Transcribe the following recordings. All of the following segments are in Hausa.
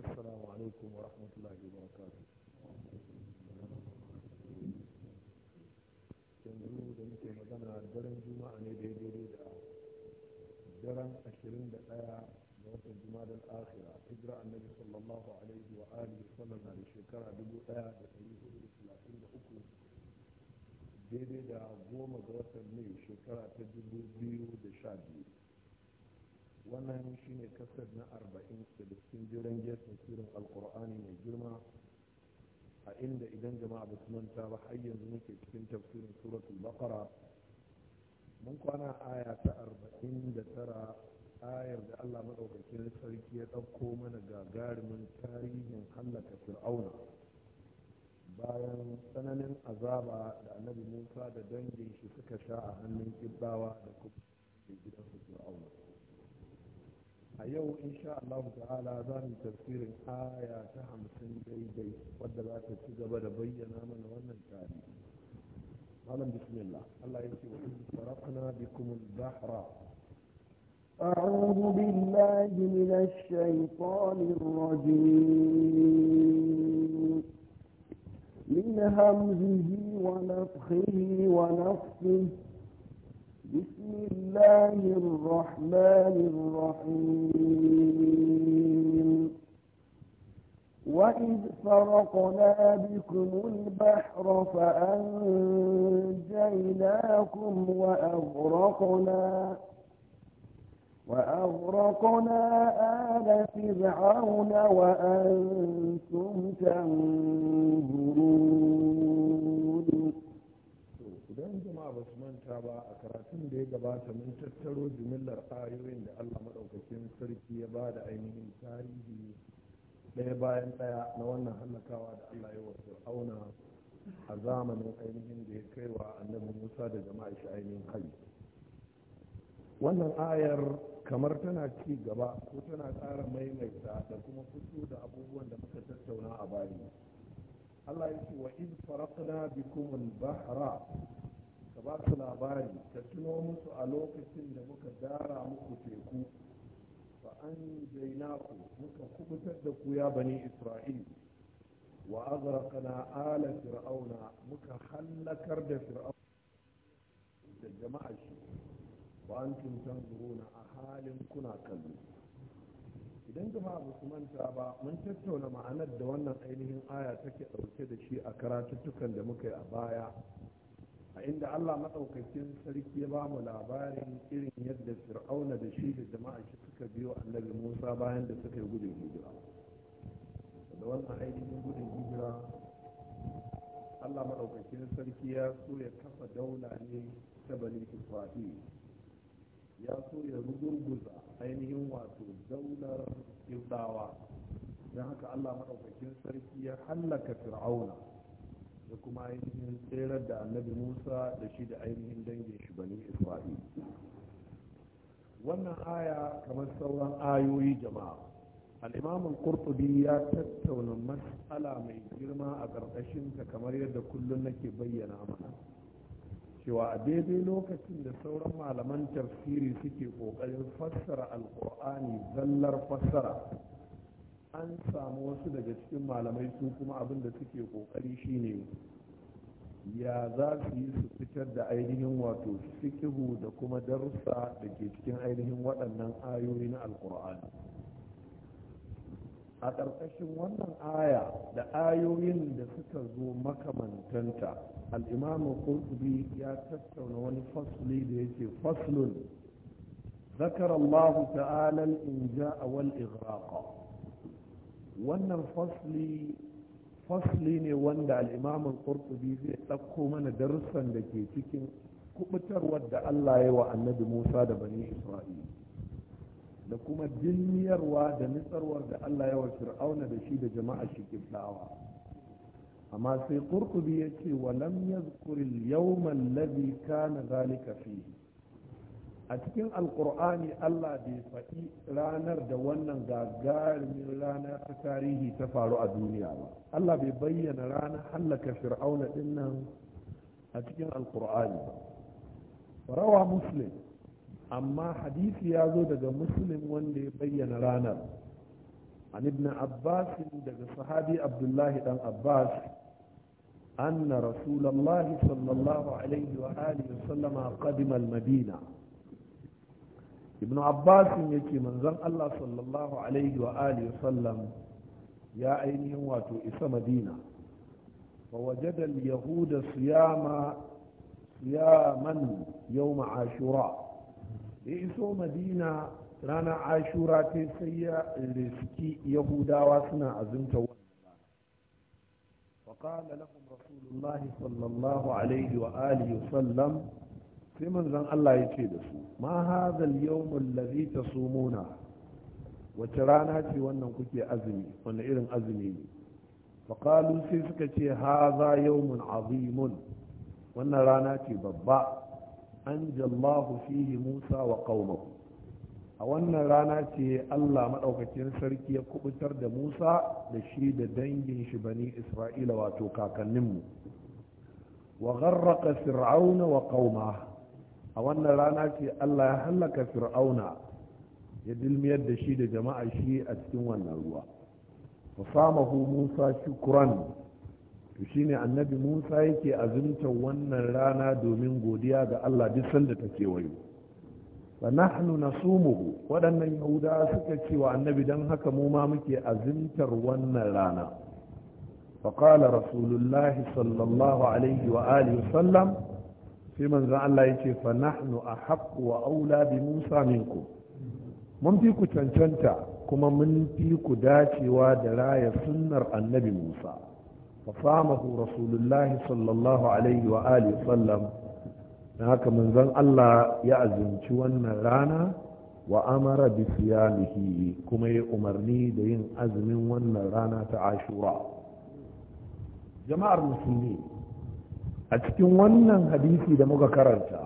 assalamu alaikum wa rahmatullahi wa yanzu da muke magana daren juma'a ne daidai da daren ashirin da ɗaya ga watan jumadar akhira hijira annabi sallallahu alaihi wa alihi sallam na da shekara dubu ɗaya da ɗari hudu da talatin da uku daidai da goma ga watan mai shekara ta dubu biyu da sha biyu wannan shine kasar na arba'in da cikin jiran jiyar tafsirin alkur'ani mai girma a inda idan jama'a ba su manta ba har yanzu muke cikin tafsirin suratul baqara mun kwana aya ta arba'in da tara ayar da allah maɗaukakin sarki ya ɗauko mana gagarumin tarihin hallaka fir'auna bayan tsananin azaba da annabi musa da dangin shi suka sha a hannun kibbawa da kuma gidan fir'auna a yau insha Allah ta'ala za mu tafsirin aya ta hamsin daidai wadda za ta ci gaba da bayyana mana wannan tarihi malam bismillah Allah ya ce wa in faraqna bikum al-bahra أعوذ بالله من الشيطان الرجيم من همزه ونفخه ونفخه بسم الله الرحمن الرحيم وإذ فرقنا بكم البحر فأنجيناكم وأغرقنا وأغرقنا آل فرعون وأنتم تنظرون manta ba a karatun da ya gabata mun tattaro jimillar ayoyin da allah maɗaukacin sarki ya ba da ainihin tarihi ɗaya bayan ɗaya na wannan hallakawa da allah ya wasu auna a zamanin ainihin da ya kai wa annabi musa da jama'a shi ainihin hali. wannan ayar kamar tana ci gaba ko tana ƙara maimaita da kuma fito da abubuwan da muka tattauna a bayi. Allah ya ce wa in faraqna bikum bahra ka ba su labari ka tuno musu a lokacin da muka dara muku teku fa an jaina ku muka kubutar da ku ya bani isra'il wa azraqna ala fir'auna muka hallakar da fir'auna da jama'a shi wa antum tanzuruna a halin kuna kallo idan jama'a ba su manta ba mun tattauna ma'anar da wannan ainihin aya take ɗauke da shi a karatuttukan da muka yi a baya a inda Allah maɗaukakin sarki ya ba mu labarin irin yadda fir'auna da shi da jama'a shi suka biyo annabi musa bayan da suka yi gudun hijira da wannan ainihin gudun hijira Allah maɗaukakin sarki ya so ya kafa daula ne ta bani ya so ya rugurguza ainihin wato daular ibdawa don haka Allah maɗaukakin sarki ya hallaka fir'auna da kuma ainihin tserar da annabi musa da shi da ainihin dangin shi bani isra'il wannan aya kamar sauran ayoyi jama'a al'imamin kurtubi ya tattauna matsala mai girma a ƙarƙashinta kamar yadda kullum nake bayyana mana cewa a daidai lokacin da sauran malaman tafsiri suke ƙoƙarin fassara alƙur'ani zallar fassara an samu wasu daga cikin malamai su kuma abin da suke kokari shine ya za su yi su fitar da ainihin wato fikihu da kuma darussa da ke cikin ainihin waɗannan ayoyi na alkur'ani a ƙarƙashin wannan aya da ayoyin da suka zo makamantanta al'imamu kurtubi ya tattauna wani fasli da yake faslun ذكر الله تعالى الإنجاء والإغراق wannan fasli ne wanda al'imamin kurtubi zai ɗauko mana darussan da ke cikin kubutarwar da allah ya wa annabi musa da bani isra'ila da kuma dinniyarwa da nitsarwar da allah ya wa fir'auna da shi da jama'a shi kiblawa amma sai kurtubi ya ce wa lam yazkuril yawman ladhi kana zalika fihi a cikin alkur'ani allah bai faɗi ranar da wannan gagarumin ranar ta tarihi ta faru a duniya ba allah bai bayyana ranar hallaka fir'auna dinnan a cikin alkur'ani ba rawa muslim amma hadisi ya zo daga muslim wanda ya bayyana ranar an ibn abbas daga sahabi abdullahi dan abbas anna rasulallahi sallallahu alaihi wa alihi wa sallama qadima al-madina ibn abbas yake manzon Allah sallallahu alaihi wa alihi sallam ya ainihin wato isa madina fa wajada al yahuda siyama siyaman yawm ashura ya iso madina ranar ashura ta sai ya riski yahudawa suna azumta wannan فقال لهم رسول الله صلى الله عليه وآله وسلم sai manzon Allah ya ce da su ma hadhal yawmul ladhi tasumuna wace rana ce wannan kuke azumi wannan irin azumi ne faqalu sai suka ce haza yawmun azimun wannan rana ce babba anjallahu fihi Musa wa qaumahu a wannan rana ce Allah maɗaukacin sarki ya kubutar da Musa da shi da dangin shi bani Isra'ila wato kakanninmu wa gharraqa fir'auna wa qauma a wannan rana ce Allah ya hallaka fir'auna ya dilmiyar da shi da jama'a shi a cikin wannan ruwa fasamahu musa shukran to shine annabi musa yake azumtar wannan rana domin godiya ga Allah duk sanda ta kewayo wa nahnu nasumuhu waɗannan yahudawa suka ce wa annabi dan haka mu ma muke azumtar wannan rana فقال رسول الله صلى الله عليه وآله وسلم sai manzan Allah ya ce fa nahnu ahaqqu wa aula bi Musa minku mun fi ku cancanta kuma mun fi ku dacewa da raya sunnar annabi Musa fa famahu rasulullahi sallallahu alaihi wa alihi sallam Na haka manzan Allah ya azumci wannan rana wa amara bi siyamihi kuma ya umarni da yin azumin wannan rana ta Ashura jama'ar musulmi a cikin wannan hadisi da muka karanta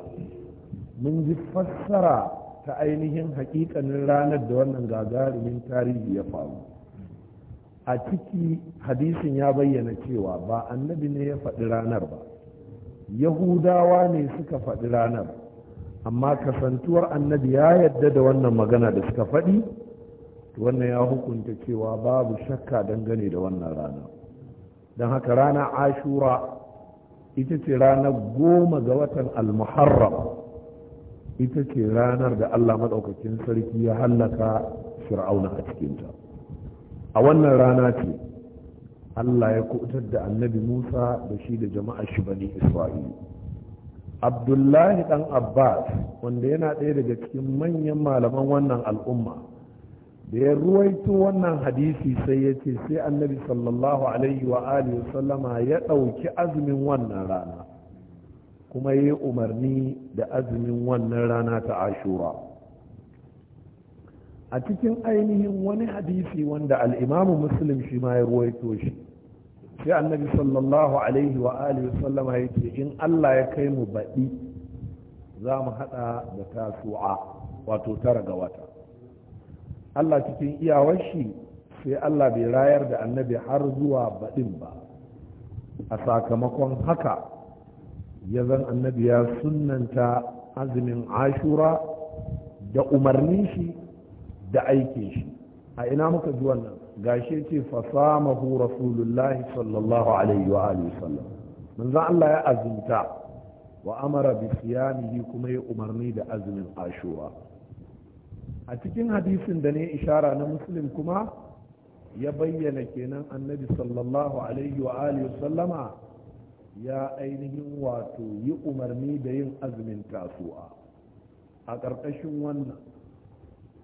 mun ji fassara ta ainihin hakikanin ranar da wannan gagarumin tarihi ya faru a ciki hadisin ya bayyana cewa ba annabi ne ya faɗi ranar ba yahudawa ne suka faɗi ranar amma kasantuwar annabi ya yadda da wannan magana da suka faɗi wannan ya hukunta cewa babu shakka dangane da wannan rana don haka rana ashura ita ce ranar goma ga watan almuharram ita ce ranar da Allah maɗaukakin sarki ya hallaka fir'auna a cikinta a wannan rana ce Allah ya kubutar da annabi Musa da shi da jama'a shi bani Isra'ila Abdullahi dan Abbas wanda yana ɗaya daga cikin manyan malaman wannan al'umma da ya ruwaito wannan hadisi sai ya ce sai annabi sallallahu alaihi wa alihi sallama ya ɗauki azumin wannan rana kuma ya yi umarni da azumin wannan rana ta ashura a cikin ainihin wani hadisi wanda al'imamu muslim shi ma ya ruwaito shi sai annabi sallallahu alaihi wa alihi sallama ya ce in allah ya kai mu baɗi za mu haɗa da tasu'a wato tara ga wata Allah cikin iyawar shi sai Allah bai rayar da annabi har zuwa baɗin ba a sakamakon haka ya zan annabi ya sunanta azumin ashura da umarnin shi da aikin shi a ina muka ji wannan gashi ce fasamahu rasulullahi sallallahu alaihi wa sallam Allah ya azumta wa amara bi siyamihi kuma ya umarni da azumin ashura a cikin hadisin da ne ishara na muslim kuma ya bayyana kenan annabi sallallahu alaihi wa sallama ya ainihin wato yi umarni da yin azumin tasu'a a ƙarƙashin wannan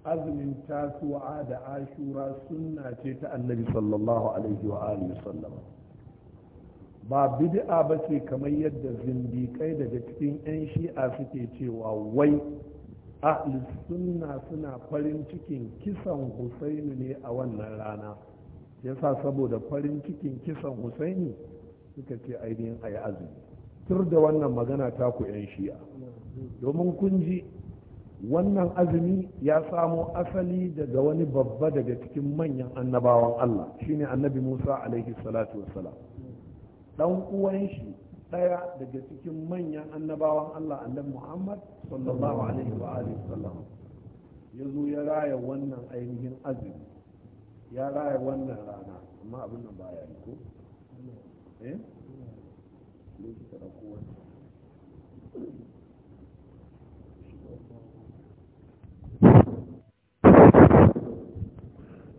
azumin tasuwa da ashura sunna ce ta annabi sallallahu alaihi wa sallama ba bid'a ba ce kamar yadda zindiƙai daga cikin 'yan shi'a suke cewa wai ahlus sunna suna farin cikin kisan husaini ne a wannan rana yasa saboda farin cikin kisan husaini suka ce ainihin a yi azumi tur da wannan magana ta ku yan shi'a domin kun ji wannan azumi ya samo asali daga wani babba daga cikin manyan annabawan Allah shine annabi Musa alaihi salatu wassalam dan uwan shi ɗaya daga cikin manyan annabawan Allah annab Muhammad sallallahu alaihi wa alihi sallam ya zo ya raya wannan ainihin azumi ya raya wannan rana amma abin nan baya yi ko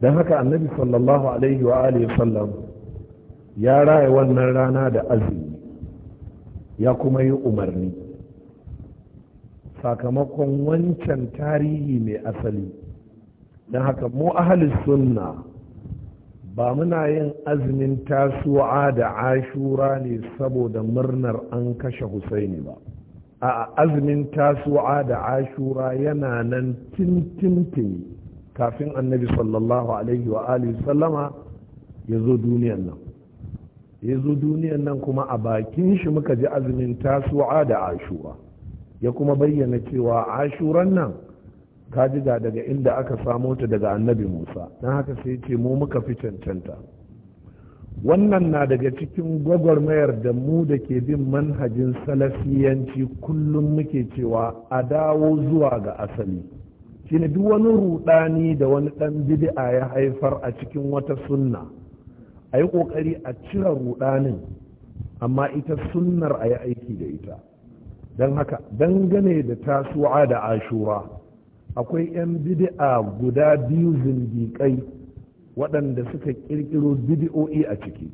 don eh? haka annabi sallallahu alaihi wa alihi sallam ya raya wannan rana da azumi ya kuma yi umarni sakamakon wancan tarihi mai asali don haka mu ahali sunna ba muna yin azumin tasu'a da ashura ne saboda murnar an kashe husaini ba a azumin tasu'a da ashura yana nan tintintini kafin annabi sallallahu alaihi wa alihi sallama ya zo duniyan nan ya zo duniyan nan kuma a bakin shi muka ji azumin tasu'a da ashura ya kuma bayyana cewa ashuran nan ka ji ga daga inda aka samo ta daga annabi musa don haka sai ce mu muka fi cancanta wannan na daga cikin gwagwarmayar da mu da ke bin manhajin salafiyanci kullum muke cewa a dawo zuwa ga asali shine duk wani rudani da wani dan bid'a ya haifar a cikin wata sunna a yi ƙoƙari a cire ruɗanin amma ita sunnar a yi aiki da ita don haka dangane da tasuwa da ashura akwai 'yan bidi'a guda biyu zindiƙai waɗanda suka ƙirƙiro bidi'o'i a ciki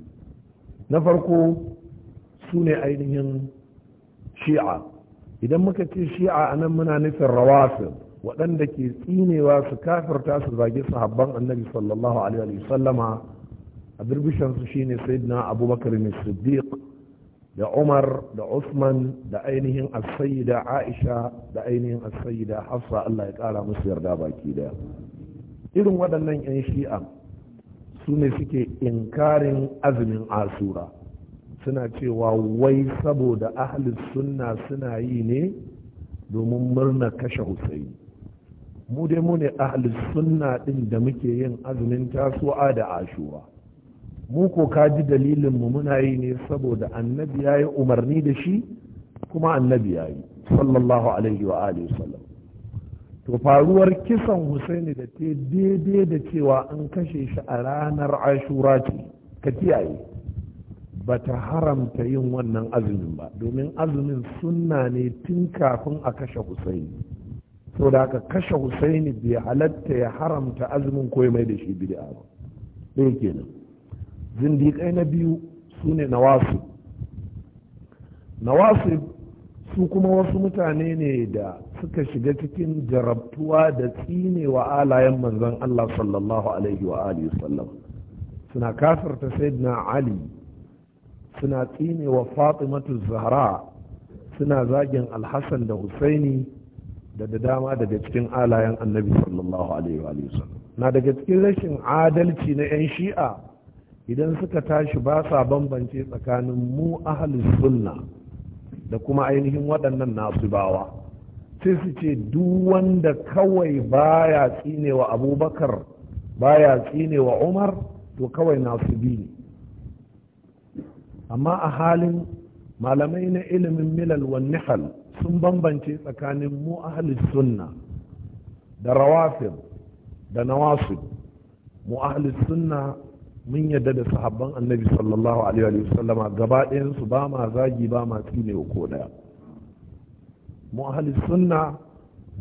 na farko su ne ainihin shi'a idan muka ce shi'a a nan muna nufin rawafin waɗanda ke tsinewa su kafirta su zagi sahabban annabi sallallahu alaihi wasallama su shine sayyidina abubakar ne siddiq da umar da usman da ainihin as-sayyida aisha da ainihin as-sayyida hafsa Allah ya kara musu yarda baki daya irin waɗannan 'yan shi'a su ne suke inkarin azumin asura suna cewa wai saboda ahli sunna suna yi ne domin murna kashe husaini mu dai mu ne ahlus sunna ɗin da muke yin azumin tasu'a da ashura mu ko ka ji dalilin mu muna yi ne saboda annabi ya yi umarni da shi kuma annabi ya yi. sallallahu alaihi wa alihi sallam to faruwar kisan Husaini da ta daidai da cewa an kashe shi a ranar Ashura ce ka kiyaye ba ta haramta yin wannan azumin ba domin azumin sunna ne tun kafin a kashe Husaini da aka kashe Husaini bai halatta ya haramta azumin ko mai da shi bid'a ba ɗaya kenan zindiƙai na biyu su ne nawasu nawasu su kuma wasu mutane ne da suka shiga cikin jarabtuwa da tsinewa alayen manzon Allah sallallahu alaihi wa alihi sallam suna kafirta sayyidina Ali suna tsinewa Fatimatu Zahra suna zagin Alhassan da Husaini da da dama daga cikin alayen Annabi sallallahu alaihi wa alihi sallam na daga cikin rashin adalci na 'yan shi'a idan suka tashi ba sa bambance tsakanin mu ahalus sunna da kuma ainihin waɗannan nasibawa sai su ce duk wanda kawai baya tsinewa abubakar baya tsinewa umar to kawai nasu ne amma a halin malamai na ilimin milal wa nihal sun bambance tsakanin mu ahalus sunna da rawafin da nawasu mu ahalus sunna mun yadda da sahabban annabi sallallahu alaihi wasallama gaba ɗayansu ba ma zagi ba ma tsine ko ɗaya mu ahli sunna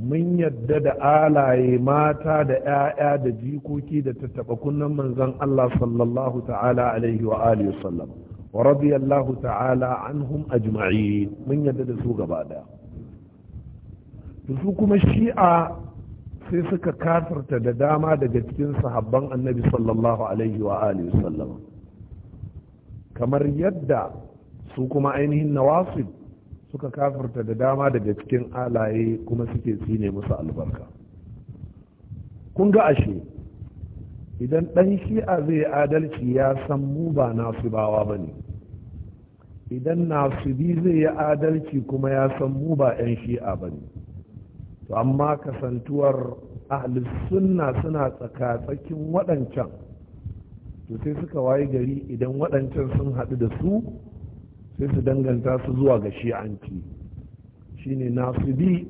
mun yadda da alaye mata da 'ya'ya da jikoki da tattaba kunnan manzon Allah sallallahu ta'ala alaihi wa alihi wasallam wa radiyallahu ta'ala anhum ajma'in mun yadda da su gaba ɗaya su kuma shi'a sai suka kafirta da dama daga cikin sahabban annabi sallallahu alaihi wa alihi sallam kamar yadda su kuma ainihin nawasib suka kafirta da dama daga cikin alaye kuma suke tsine musu albarka kun ga ashe idan ɗan shi'a zai adalci ya san mu ba nasibawa ba ne idan nasibi zai yi adalci kuma ya san mu ba 'yan shi'a ba ne to amma kasantuwar ahlus sunna suna tsakin waɗancan to sai suka wayi gari idan waɗancan sun haɗu da su sai su danganta su zuwa ga shi'anci shine bi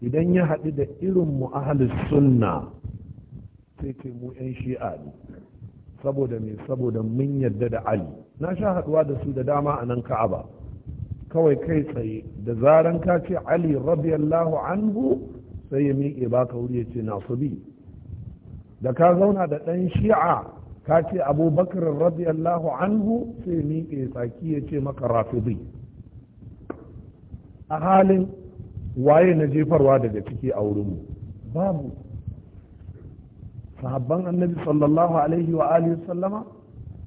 idan ya haɗu da irin mu ahlus sunna sai ce mu 'yan shi'a ne saboda me saboda mun yadda da ali na sha haɗuwa da su da dama a nan ka'aba kawai kai tsaye da zaran ka ce ali radiyallahu anhu sai ya miƙe baka wuri ya ce na bi da ka zauna da ɗan shi'a ka ce abubakar radiyallahu anhu sai ya miƙe tsaki ya ce maka rafibi a halin waye na jefarwa daga ciki a wurinmu babu sahabban annabi sallallahu alaihi wa alihi sallama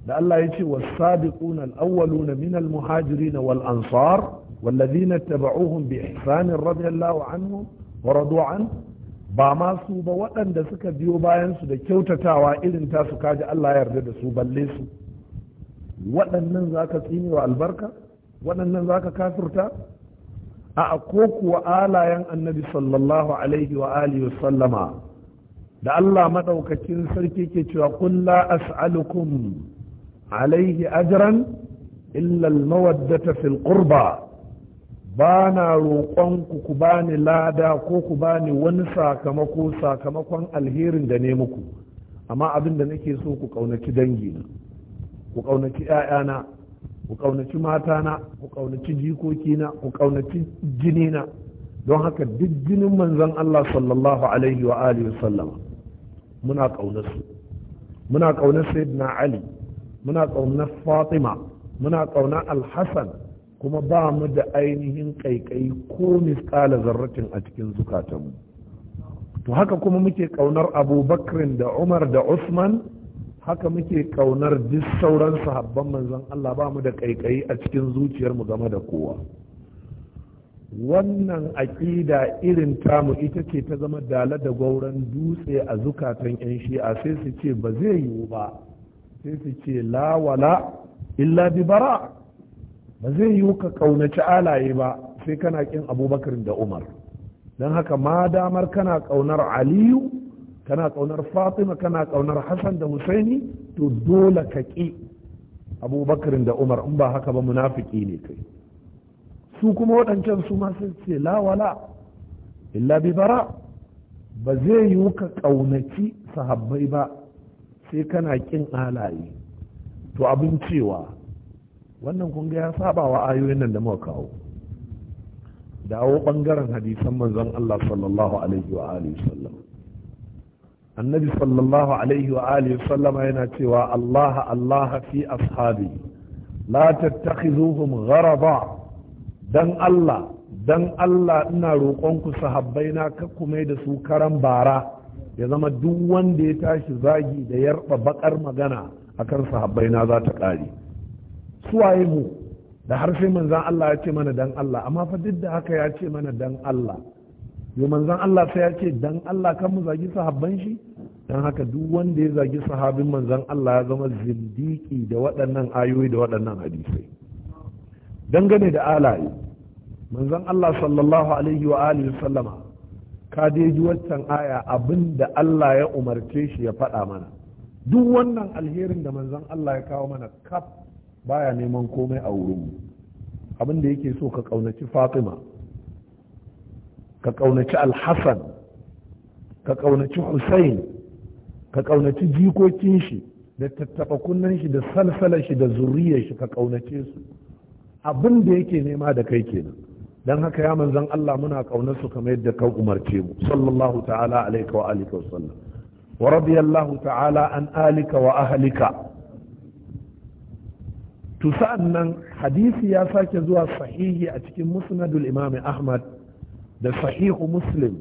da Allah ya ce wasabiqun al-awwalun min al-muhajirin wal ansar والذين اتبعوهم bi رضي الله anhu. waradu an ba ma su ba waɗanda suka biyo bayansu da kyautatawa irin tasu kaji Allah ya yarda da su balle su waɗannan za ka tsini wa albarka waɗannan za ka kafirta a ko kuwa alayen annabi sallallahu alaihi wa alihi sallama da Allah maɗaukakin sarki ke cewa kulla as'alukum alaihi ajran illa almawaddata fil qurba ba na roƙonku ku bani lada ko ku bani wani sakamako sakamakon alherin da ne muku amma abin da nake so ku ƙaunaci dangina ku ƙaunaci 'ya'yana ku ƙaunaci na ku ƙaunaci jikokina ku ƙaunaci jinina don haka duk jinin manzon Allah sallallahu alaihi wa alihi sallama muna ƙaunarsu muna ƙaunar sayyidina Ali muna ƙaunar Fatima muna ƙaunar Alhassan. kuma ba mu da ainihin ƙaiƙayi ko misƙala zarratin a cikin zukatanmu to haka kuma muke ƙaunar abubakar da umar da usman haka muke ƙaunar duk sauran sahabban manzon allah ba mu da ƙaiƙayi a cikin zuciyar mu game da kowa wannan aƙida irin tamu ita ce ta zama dala da gwauron dutse a zukatan 'yan shi'a sai su ce ba zai yiwu ba sai su ce la wala illa bi bara ba zai yi ka ƙaunaci alaye ba sai kana ƙin abubakar da umar don haka ma damar kana ƙaunar aliyu kana ƙaunar fatima kana ƙaunar hassan da husaini to dole ka ƙi abubakar da umar in ba haka ba munafiki ne kai su kuma waɗancan su ma sun ce lawala illa bi bara ba zai yi ka ƙaunaci sahabbai ba sai kana ƙin alaye to abin cewa wannan kun ya saba wa ayoyin nan da muka kawo dawo bangaren hadisan manzon Allah sallallahu alaihi wa alihi sallam annabi sallallahu alaihi wa alihi sallama yana cewa Allah Allah fi ashabi la tattakhizuhum gharaba dan Allah dan Allah ina roƙon ku sahabbai na da su karan bara ya zama duk wanda ya tashi zagi da yarba bakar magana akan sahabbai na za ta ƙare suwaye mu da har sai manzan Allah ya ce mana dan Allah amma fa duk da haka ya ce mana dan Allah yo manzan Allah sai ya ce dan Allah kan mu zagi sahabban shi dan haka duk wanda ya zagi sahabin manzan Allah ya zama zindiki da waɗannan ayoyi da waɗannan hadisai dangane da alaye manzan Allah sallallahu alaihi wa alihi sallama ka dai ji waccan aya abinda Allah ya umarce shi ya faɗa mana duk wannan alherin da manzan Allah ya kawo mana kaf baya neman komai a wurin mu. abin da yake so ka ƙaunaci fatima ka ƙaunaci alhassan ka ƙaunaci hussain ka ƙaunaci jikokin shi da tattaba kunnen shi da salsalar shi da zuriyar shi ka ƙaunace su abin da yake nema da kai kenan don haka ya manzan Allah muna ƙaunar su kamar yadda ka umarce mu sallallahu ta'ala alaika wa alika wa sallam wa radiyallahu ta'ala an alika wa ahlika to sa'an nan hadisi ya sake zuwa sahihi a cikin musnadul imam ahmad da sahihu muslim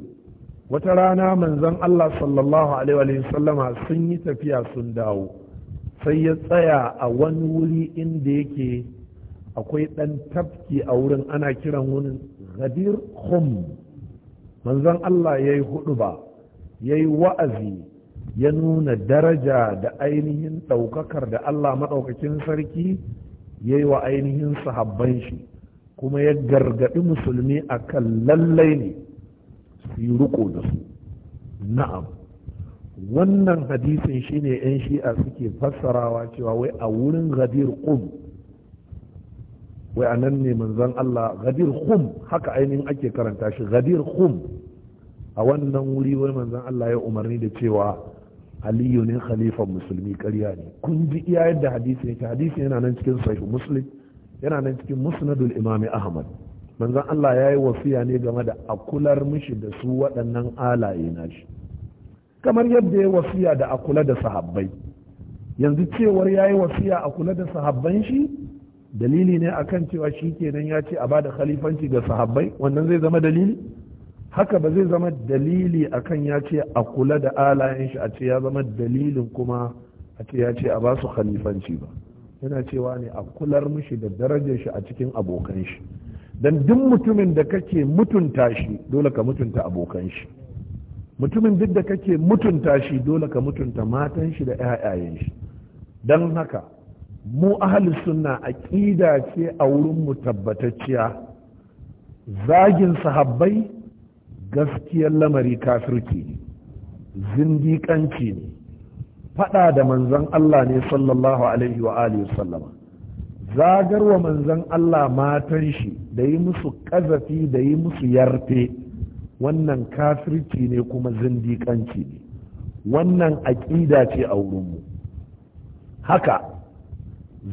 wata rana manzon allah sallallahu alaihi sallama sun yi tafiya sun dawo sai ya tsaya a wani wuri inda yake akwai ɗan tafki a wurin ana kiran wani, gadir hum manzon allah ya yi hudu ba ya yi wa'azi ya nuna daraja da ainihin ɗaukakar da allah maɗaukakin sarki ya yi wa ainihin sahabban shi kuma ya gargaɗi musulmi a kan lallai ne su yi riko da su na'am wannan hadisin shine 'yan shi'a suke fassarawa cewa wai a wurin gadir qum wai a nan ne manzon Allah gadir qum haka ainihin ake karanta shi gadir qum a wannan wuri wai manzon Allah ya umarni da cewa aliyu ne khalifan musulmi ƙarya ne kun ji iya yadda hadisi yake hadisi yana nan cikin sahih muslim yana nan cikin musnadul imami ahmad manzon Allah ya yi wasiya ne game da akular mishi da su waɗannan alaye nashi kamar yadda ya wasiya da akula da sahabbai yanzu cewar ya yi wasiya a kula da sahabban shi dalili ne akan cewa shi kenan ya ce a ba da khalifanci ga sahabbai wannan zai zama dalili haka ba zai zama dalili akan ya ce a kula da alayen shi a ce ya zama dalilin kuma a ce ya ce a ba su khalifanci ba yana cewa ne a kular mishi da darajar shi a cikin abokan shi don duk mutumin da kake mutunta shi dole ka mutunta abokan shi mutumin duk da kake mutunta shi dole ka mutunta matan shi da 'ya'yayen shi don haka mu ahalus sunna ƙida ce a wurin mu tabbatacciya zagin sahabbai gaskiyar lamari kafirki ne zindiƙanci ne faɗa da manzan Allah ne sallallahu alaihi wa alihi sallama zagarwa manzan Allah matan shi da yi musu ƙazafi da yi musu yarfe wannan kafirci ne kuma zindiƙanci ne wannan aƙida ce a wurinmu haka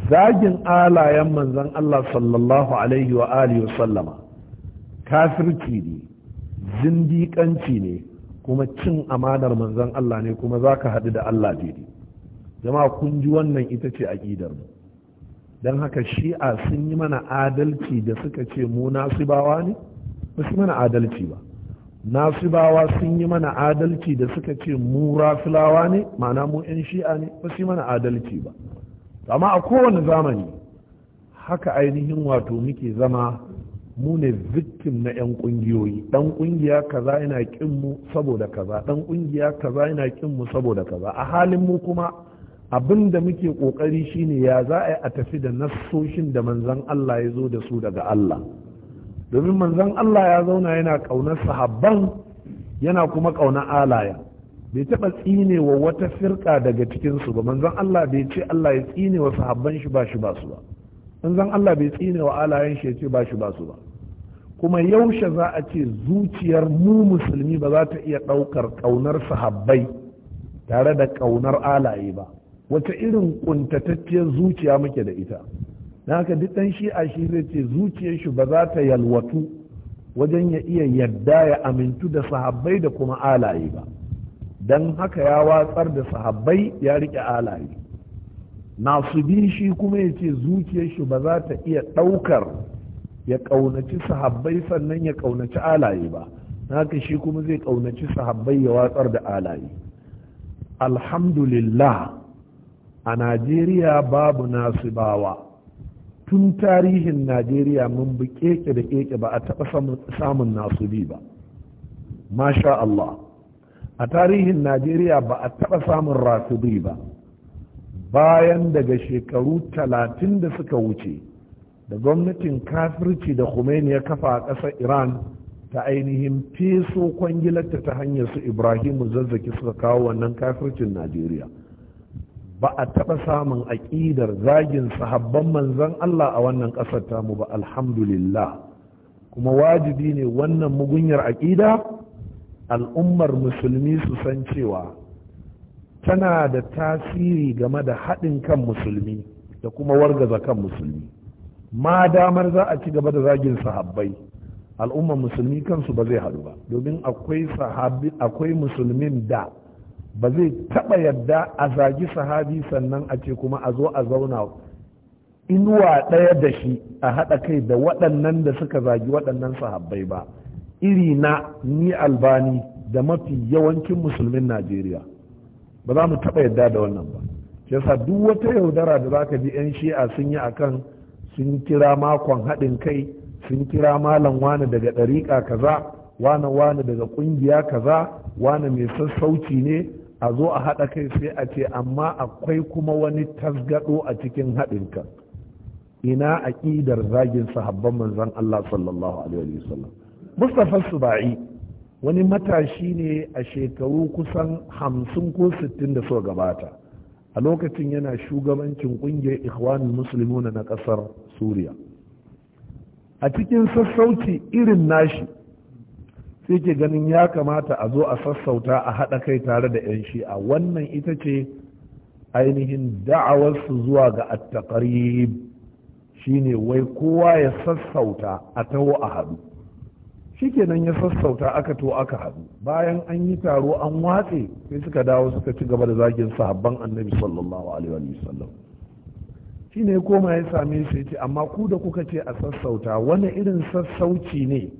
zagin alayen manzan Allah sallallahu alaihi wa alihi sallama kafirci ne zindiƙanci ne kuma cin amanar manzon Allah ne kuma za ka haɗu da Allah daidai jama'a kun ji wannan ita ce aƙidar mu don haka shi'a sun yi mana adalci da suka ce mu nasibawa ne ba su mana adalci ba nasibawa sun yi mana adalci da suka ce mu rafilawa ne ma'ana mu 'yan shi'a ne ba su mana adalci ba amma a kowane zamani haka ainihin wato muke zama mu ne victim na 'yan kungiyoyi dan kungiya kaza yana kin mu saboda kaza dan kungiya kaza yana kin mu saboda kaza a halin mu kuma abin da muke kokari shine ya za a yi a tafi da nasoshin da manzon Allah ya zo da su daga Allah domin manzon Allah ya zauna yana kauna sahabban yana kuma kaunar alaya bai taba tsine wa wata firka daga cikin su ba manzon Allah bai ce Allah ya tsine wa sahabban shi ba shi ba su ba manzon Allah bai tsine wa alayen shi ya ce ba shi ba su ba kuma yaushe za a ce zuciyar mu musulmi ba za ta iya ɗaukar ƙaunar sahabbai tare da ƙaunar alaye ba wata irin ƙuntatacciyar zuciya muke da ita na haka duk ɗan shi'a shi zai ce zuciyar shi ba za ta yalwatu wajen ya iya yadda ya amintu da sahabbai da kuma alaye ba don haka ya watsar da sahabbai ya riƙe alaye bi shi kuma ya ce zuciyar shi ba za ta iya ɗaukar ya ƙaunaci sahabbai sannan ya ƙaunaci alaye ba haka shi kuma zai ƙaunaci sahabbai ya watsar da alaye alhamdulillah a najeriya babu nasibawa tun tarihin najeriya mun bi keke da keke ba a taɓa samun nasubi ba masha Allah a tarihin najeriya ba a taɓa samun rasubi ba bayan daga shekaru talatin da suka wuce da gwamnatin kafirci da khomeini ya kafa a ƙasar iran ta ainihin feso kwangilarta ta hanyar su ibrahimu zazzaki suka kawo wannan kafircin najeriya ba a taɓa samun aƙidar zagin sahabban manzan allah a wannan ƙasar tamu ba alhamdulillah kuma wajibi ne wannan mugunyar aƙida al'ummar musulmi su san cewa tana da tasiri game da haɗin kan musulmi da kuma wargaza kan musulmi ma damar za a ci gaba da zagin sahabbai al'ummar musulmi kansu ba zai haɗu ba domin akwai sahabi akwai musulmin da ba zai taɓa yadda a zagi sahabi sannan a ce kuma a zo a zauna inuwa ɗaya da shi a haɗa kai da waɗannan da suka zagi waɗannan sahabbai ba iri na ni albani da mafi yawancin musulmin najeriya ba za mu taɓa yadda da wannan ba yasa duk wata yaudara da za ka ji 'yan shi'a sun yi akan sun kira makon haɗin kai sun kira malam wani daga ɗariƙa kaza wani wani daga ƙungiya kaza wani mai sassauci ne a zo a haɗa kai sai a ce amma akwai kuma wani tasgado a cikin haɗin kan ina aƙidar zagin sahabban manzan Allah sallallahu alaihi wasallam Mustapha Subai wani matashi ne a shekaru kusan hamsin ko sittin da suka gabata a lokacin yana shugabancin ƙungiyar ikhwanul musulmuna na ƙasar suriya a cikin sassauci irin nashi sai ke ganin ya kamata a zo a sassauta a haɗa kai tare da 'yan shi'a wannan ita ce ainihin da'awarsu zuwa ga attaƙarib shine wai kowa ya sassauta a taho a haɗu shikenan ya sassauta aka to aka haɗu bayan an yi taro an watse sai suka dawo suka ci gaba da zagin sahabban annabi sallallahu alaihi wasallam shi ne koma ya same su ya ce amma ku da kuka ce a sassauta wani irin sassauci ne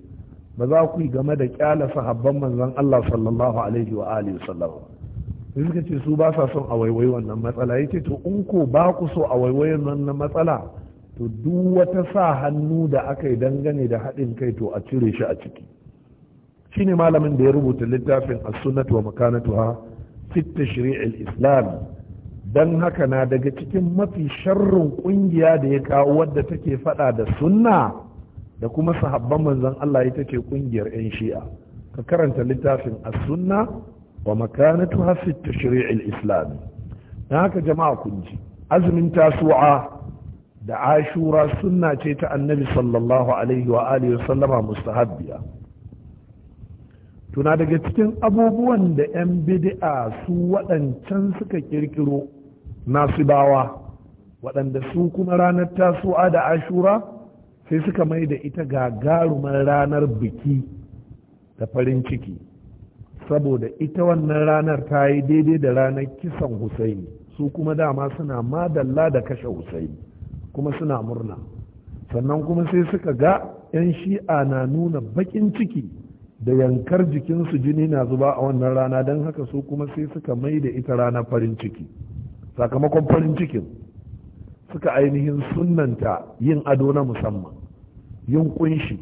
ba za ku yi game da kyala sahabban manzon Allah sallallahu alaihi wa alihi sallam sai suka ce su ba sa son a waiwai wannan matsala yace to in ko ba ku so a waiwai wannan matsala to duk wata sa hannu da aka yi dangane da haɗin kai to a cire shi a ciki shine malamin da ya rubuta littafin as-sunnah wa makanatuha fi al-islami don haka na daga cikin mafi sharrin kungiya da ya kawo wadda take fada da sunna da kuma sahabban manzon Allah ita ce kungiyar 'yan shi'a ka karanta littafin as-sunna wa makanatu hafi tashri'il islami Na haka jama'a kunji azumin tasu'a da ashura sunna ce ta annabi sallallahu alaihi wa alihi sallama mustahabbiya tuna daga cikin abubuwan da 'yan bid'a su waɗancan suka kirkiro nasibawa waɗanda su kuma ranar tasowa da ashura sai suka mai da ita gagarumar ranar biki da farin ciki saboda ita wannan ranar ta yi daidai da ranar kisan husaini su kuma dama suna madalla da kashe husaini kuma suna murna sannan kuma sai suka ga 'yan shi'a na nuna bakin ciki da yankar jikinsu jini na zuba a wannan rana don haka su kuma sai suka mai da ita ranar farin ciki sakamakon farin cikin suka ainihin sunanta yin ado na musamman yin kunshi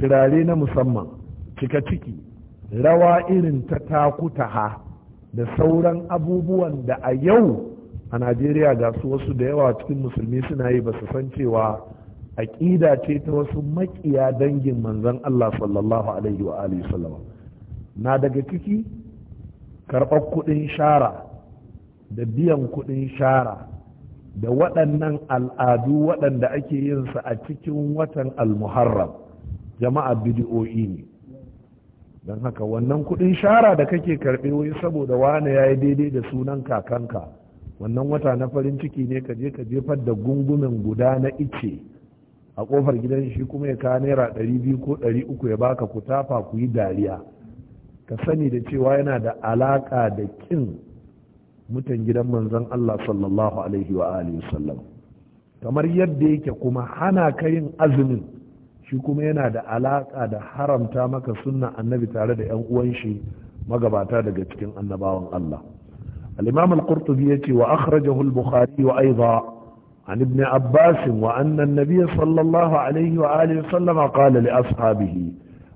turare na musamman cika ciki rawa irin ta takuta ha da sauran abubuwan da a yau a najeriya ga su wasu da yawa cikin musulmi suna yi ba su san cewa aƙida ce ta wasu maƙiya dangin manzon allah sallallahu alaihi wa alihi sallama na daga ciki karɓar kuɗin shara da biyan kuɗin shara da waɗannan al'adu waɗanda ake yin su a cikin watan almuharram jama'a bidi'o'i ne don haka wannan kuɗin shara da kake karɓe wai saboda wane ya yi daidai da sunan kakanka wannan wata na farin ciki ne kaje je ka jefar da gungumin guda na ice a kofar gidan shi kuma ya kawo naira ɗari biyu ko ɗari uku ya baka ku tafa ku yi dariya ka sani da cewa yana da alaƙa da ƙin mutan gidan manzon Allah sallallahu alaihi wa alihi wasallam kamar yadda yake kuma hana kayin yin azumin shi kuma yana da alaka da haramta maka sunna annabi tare da yan uwan shi magabata daga cikin annabawan Allah al-imam al-qurtubi yace wa akhrajahu al-bukhari wa aidan عن ابن عباس وأن النبي صلى الله عليه وآله وسلم قال لأصحابه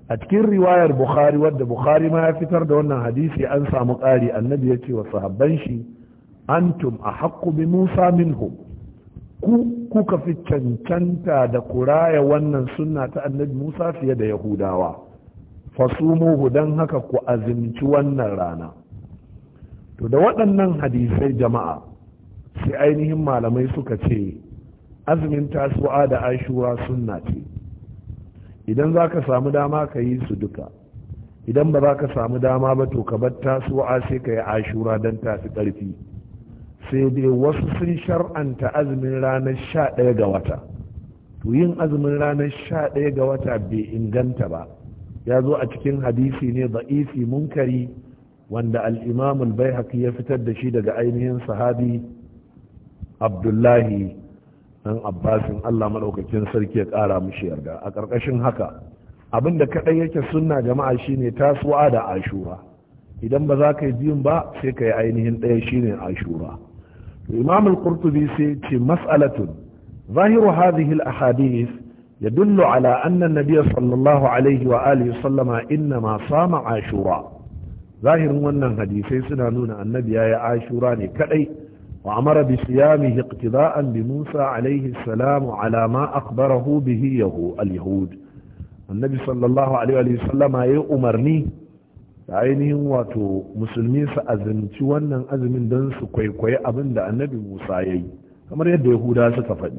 a cikin riwayar bukhari wadda bukhari ma ya fitar da wannan hadisi an samu ƙari annabi ya ce wa sahabban shi antum a haƙƙu bi musa minhu ku kuka fi cancanta da kuraya wannan sunna ta annabi musa fiye da yahudawa fasumuhu don haka ku azimci wannan rana to da waɗannan hadisai jama'a sai ainihin malamai suka ce azumin tasu'a da ashura sunna ce idan za ka samu dama ka yi su duka idan ba za ka samu dama ba to ka bar tasuwa sai ka yi ashura don fi ƙarfi sai dai wasu sun shar'anta azumin ranar sha ɗaya ga wata to yin azumin ranar sha ɗaya ga wata bai inganta ba ya zo a cikin hadisi ne isi munkari wanda al'imamul bai ya fitar da shi daga ainihin sahabi abdullahi dan abbasin Allah maɗaukakin sarki ya ƙara mishi yarda a ƙarƙashin haka abin da kaɗai yake sunna jama'a shine tasuwa da ashura idan ba za ka yi biyun ba sai ka yi ainihin ɗaya shine ashura imam al-qurtubi sai ce mas'alatun zahiru hadhihi al-ahadith يدل على أن النبي صلى الله عليه وآله وسلم إنما صام wannan hadisai suna nuna annabi ya yi ashura ne kadai وأمر بصيامه اقتداء بموسى عليه السلام على ما أخبره به اليهود النبي صلى الله عليه وسلم يأمرني da ainihin wato musulmi su azumci wannan azumin don su kwaikwayi abin da annabi musa ya kamar yadda yahuda suka faɗi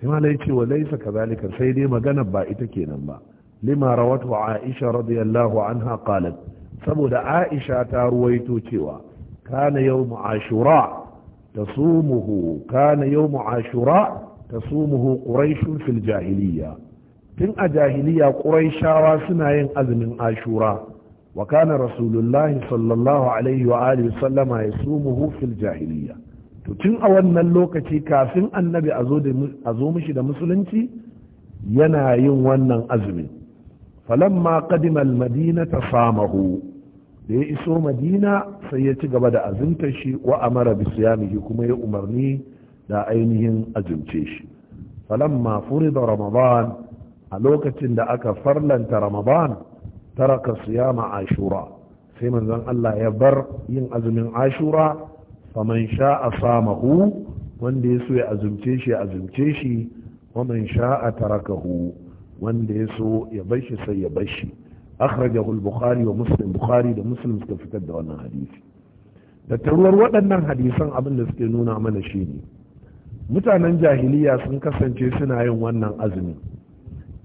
sai ma lai cewa laisa kazalika sai dai magana ba ita kenan ba lima rawatu aisha radiyallahu anha qalat saboda aisha ta ruwaito cewa kana yawm ashura tasumuhu kana mu ashura tasumuhu quraishun fil jahiliya tun a jahiliya quraishawa suna yin azumin ashura wa kana rasulullahi sallallahu alaihi wa alihi sallama yasumuhu fil jahiliya to tun a wannan lokaci kafin annabi a zo mishi da musulunci yana yin wannan azumin falamma qadima al-madinata samahu da ya iso madina sai ya ci gaba da azumta shi wa amara bi siyamihi kuma ya umarni da ainihin azumce shi falamma furida ramadan a lokacin da aka farlanta ramadan taraka siyama ashura sai manzon Allah ya bar yin azumin ashura faman sha'a samahu wanda ya so ya azumce shi ya azumce shi wa man sha'a tarakahu wanda ya so ya bar shi sai ya bar shi akhrajahu al-bukhari wa muslim bukhari da muslim suka fitar da wannan hadisi tattaruwar waɗannan hadisan abin da suke nuna mana shine mutanen jahiliya sun kasance suna yin wannan azumi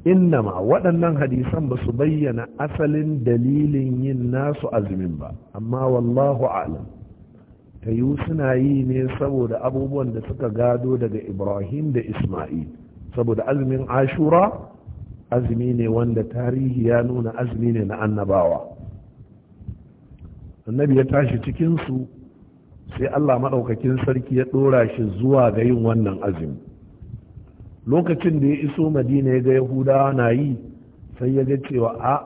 innama waɗannan hadisan ba su bayyana asalin dalilin yin nasu azumin ba amma wallahu alam tayu suna yi ne saboda abubuwan da suka gado daga ibrahim da isma'il saboda azumin ashura azumi ne wanda tarihi ya nuna azumi ne na annabawa annabi ya tashi cikinsu sai allah maɗaukakin sarki ya ɗora shi zuwa ga yin wannan azumi lokacin da ya iso madina ya ga yahudawa na yi sai ya ga cewa a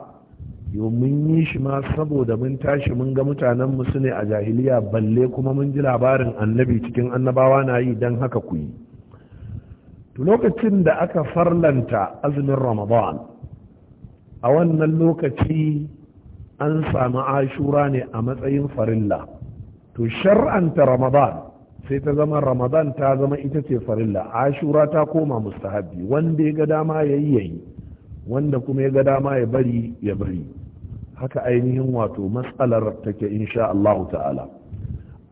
yau mun yi shi ma saboda mun tashi mun ga mutanenmu su ne a jahiliya balle kuma mun ji labarin annabi cikin annabawa na yi don haka ku yi to lokacin da aka farlanta azumin ramadan a wannan lokaci an samu ashura ne a matsayin farilla to shar'anta ramadan sai ta zama ramadan ta zama ita ce farilla ashura ta koma mustahabi wanda ya ga dama ya yi yayi wanda kuma ya ga dama ya bari ya bari haka ainihin wato matsalar take insha Allah ta'ala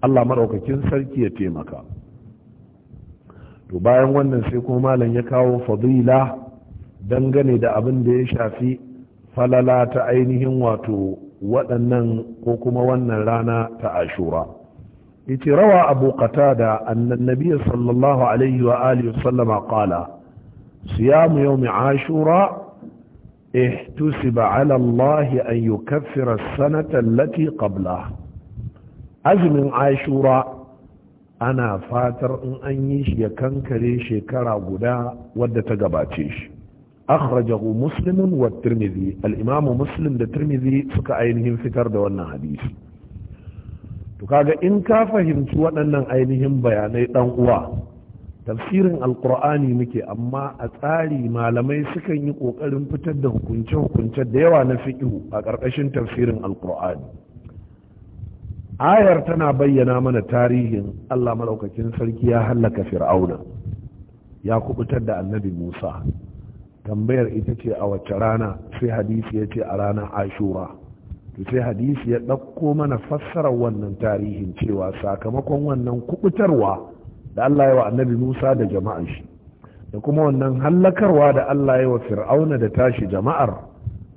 Allah maɗaukakin sarki ya taimaka to bayan wannan sai kuma malam ya kawo fadila dangane da abin da ya shafi falala ta ainihin wato waɗannan ko kuma wannan rana ta ashura ita rawa abu qatada annan nabiy sallallahu alaihi wa alihi sallama qala siyamu mai ashura احتسب على الله أن يكفر السنة التي qabla. Azumin ashura. ana fatar in an yi shi ya kankare shekara guda wadda ta gabace shi akhrajahu muslimun wa tirmidhi al-imamu muslim da tirmidhi suka ainihin fitar da wannan hadisi to kaga in ka fahimci waɗannan ainihin bayanai dan uwa tafsirin alqur'ani muke amma a tsari malamai sukan yi kokarin fitar da hukunce-hukunce da yawa na fiqh a ƙarƙashin tafsirin alqur'ani ayar tana bayyana mana tarihin allah malaukakin sarki ya hallaka fir'auna ya kubutar da annabi musa tambayar ita ce a wacce rana sai hadisi ya ce a ranar ashura to sai hadisi ya ɗauko mana fassarar wannan tarihin cewa sakamakon wannan kubutarwa da allah ya wa annabi musa da jama'ar shi da kuma wannan hallakarwa da allah ya wa fir'auna da tashi jama'ar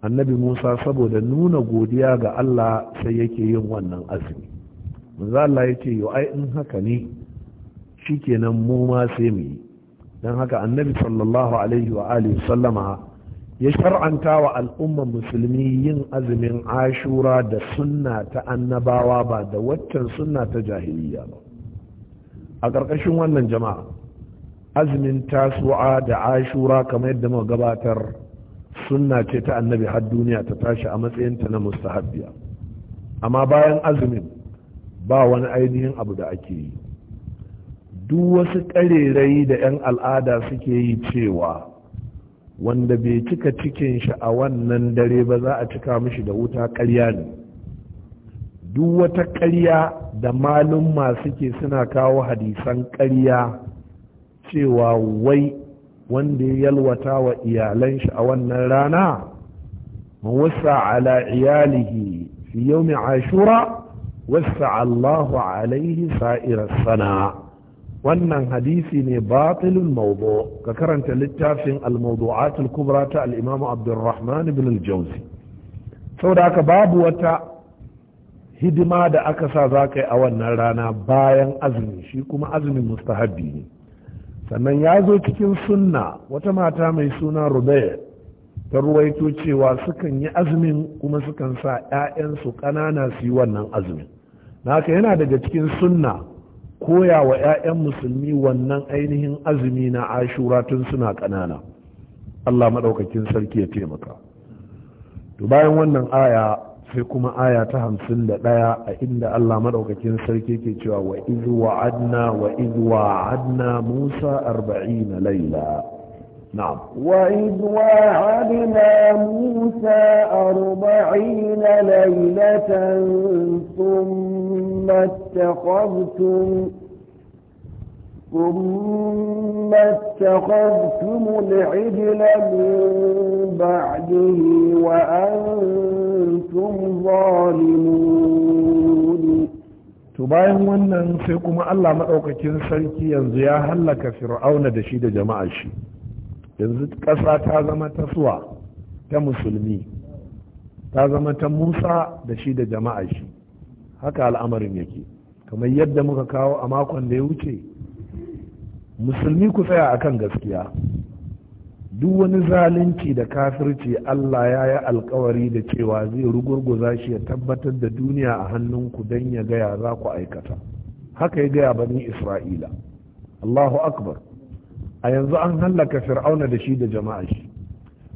annabi musa saboda nuna godiya ga allah sai yake yin wannan azumi maza allah ya ce yau ai in haka ne shikenan mu ma sai mu yi don haka annabi sallallahu alaihi wa alihi sallama ya shar'anta wa al'ummar musulmi yin azumin ashura da sunna ta annabawa ba da waccan sunna ta jahiliya ba a ƙarƙashin wannan jama'a azumin tasu'a da ashura kamar yadda muka gabatar sunna ce ta annabi har duniya ta tashi a matsayinta na mustahabbiya amma bayan azumin ba wani ainihin abu da ake yi duk wasu ƙarerai da 'yan al'ada suke yi cewa wanda bai cika cikin shi a wannan dare ba za a cika mishi da wuta ƙarya ne duk wata ƙarya da malumma suke suna kawo hadisan ƙarya cewa wai wanda ya yalwata wa iyalan shi a wannan rana wasa ala iyalihi fi yawmi ashura wasa Allahu alaihi sa'irar sana wannan hadisi ne batilun maudu, ka karanta littafin al-mawdu'at al-kubra ta al-imam Abdurrahman ibn al-Jawzi saboda haka babu wata hidima da aka sa za yi a wannan rana bayan azumi shi kuma azumin mustahabbi ne sannan ya zo cikin sunna wata mata mai suna rubaya ta ruwaito cewa sukan yi azumin kuma sukan sa 'ya'yansu ƙanana su yi wannan azumin naka yana daga cikin sunna koya wa 'ya'yan musulmi wannan ainihin azumi na ashura tun suna ƙanana allah maɗaukakin sarki ya taimaka to bayan wannan aya sai kuma aya ta hamsin da ɗaya a inda Allah maɗaukakin sarki ke cewa wa izu adna wa izu adna Musa arba'ina laila na'am wa izu adna Musa arba'ina lailatan thumma ittakhadhtum ثم اتخذتم العجل من بعده وأنتم ظالمون to bayan wannan sai kuma Allah maɗaukakin sarki yanzu ya hallaka fir'auna da shi da jama'ar shi yanzu ƙasa ta zama ta suwa ta musulmi ta zama ta musa da shi da jama'ar shi haka al'amarin yake kamar yadda muka kawo a makon da ya wuce musulmi ku tsaya akan gaskiya duk wani zalunci da kafirci Allah ya yi alkawari da cewa zai rugurguza shi ya tabbatar da duniya a hannunku don ya gaya za ku aikata haka ya gaya bani isra'ila Allahu akbar a yanzu an hallaka fir'auna da shi da jama'a shi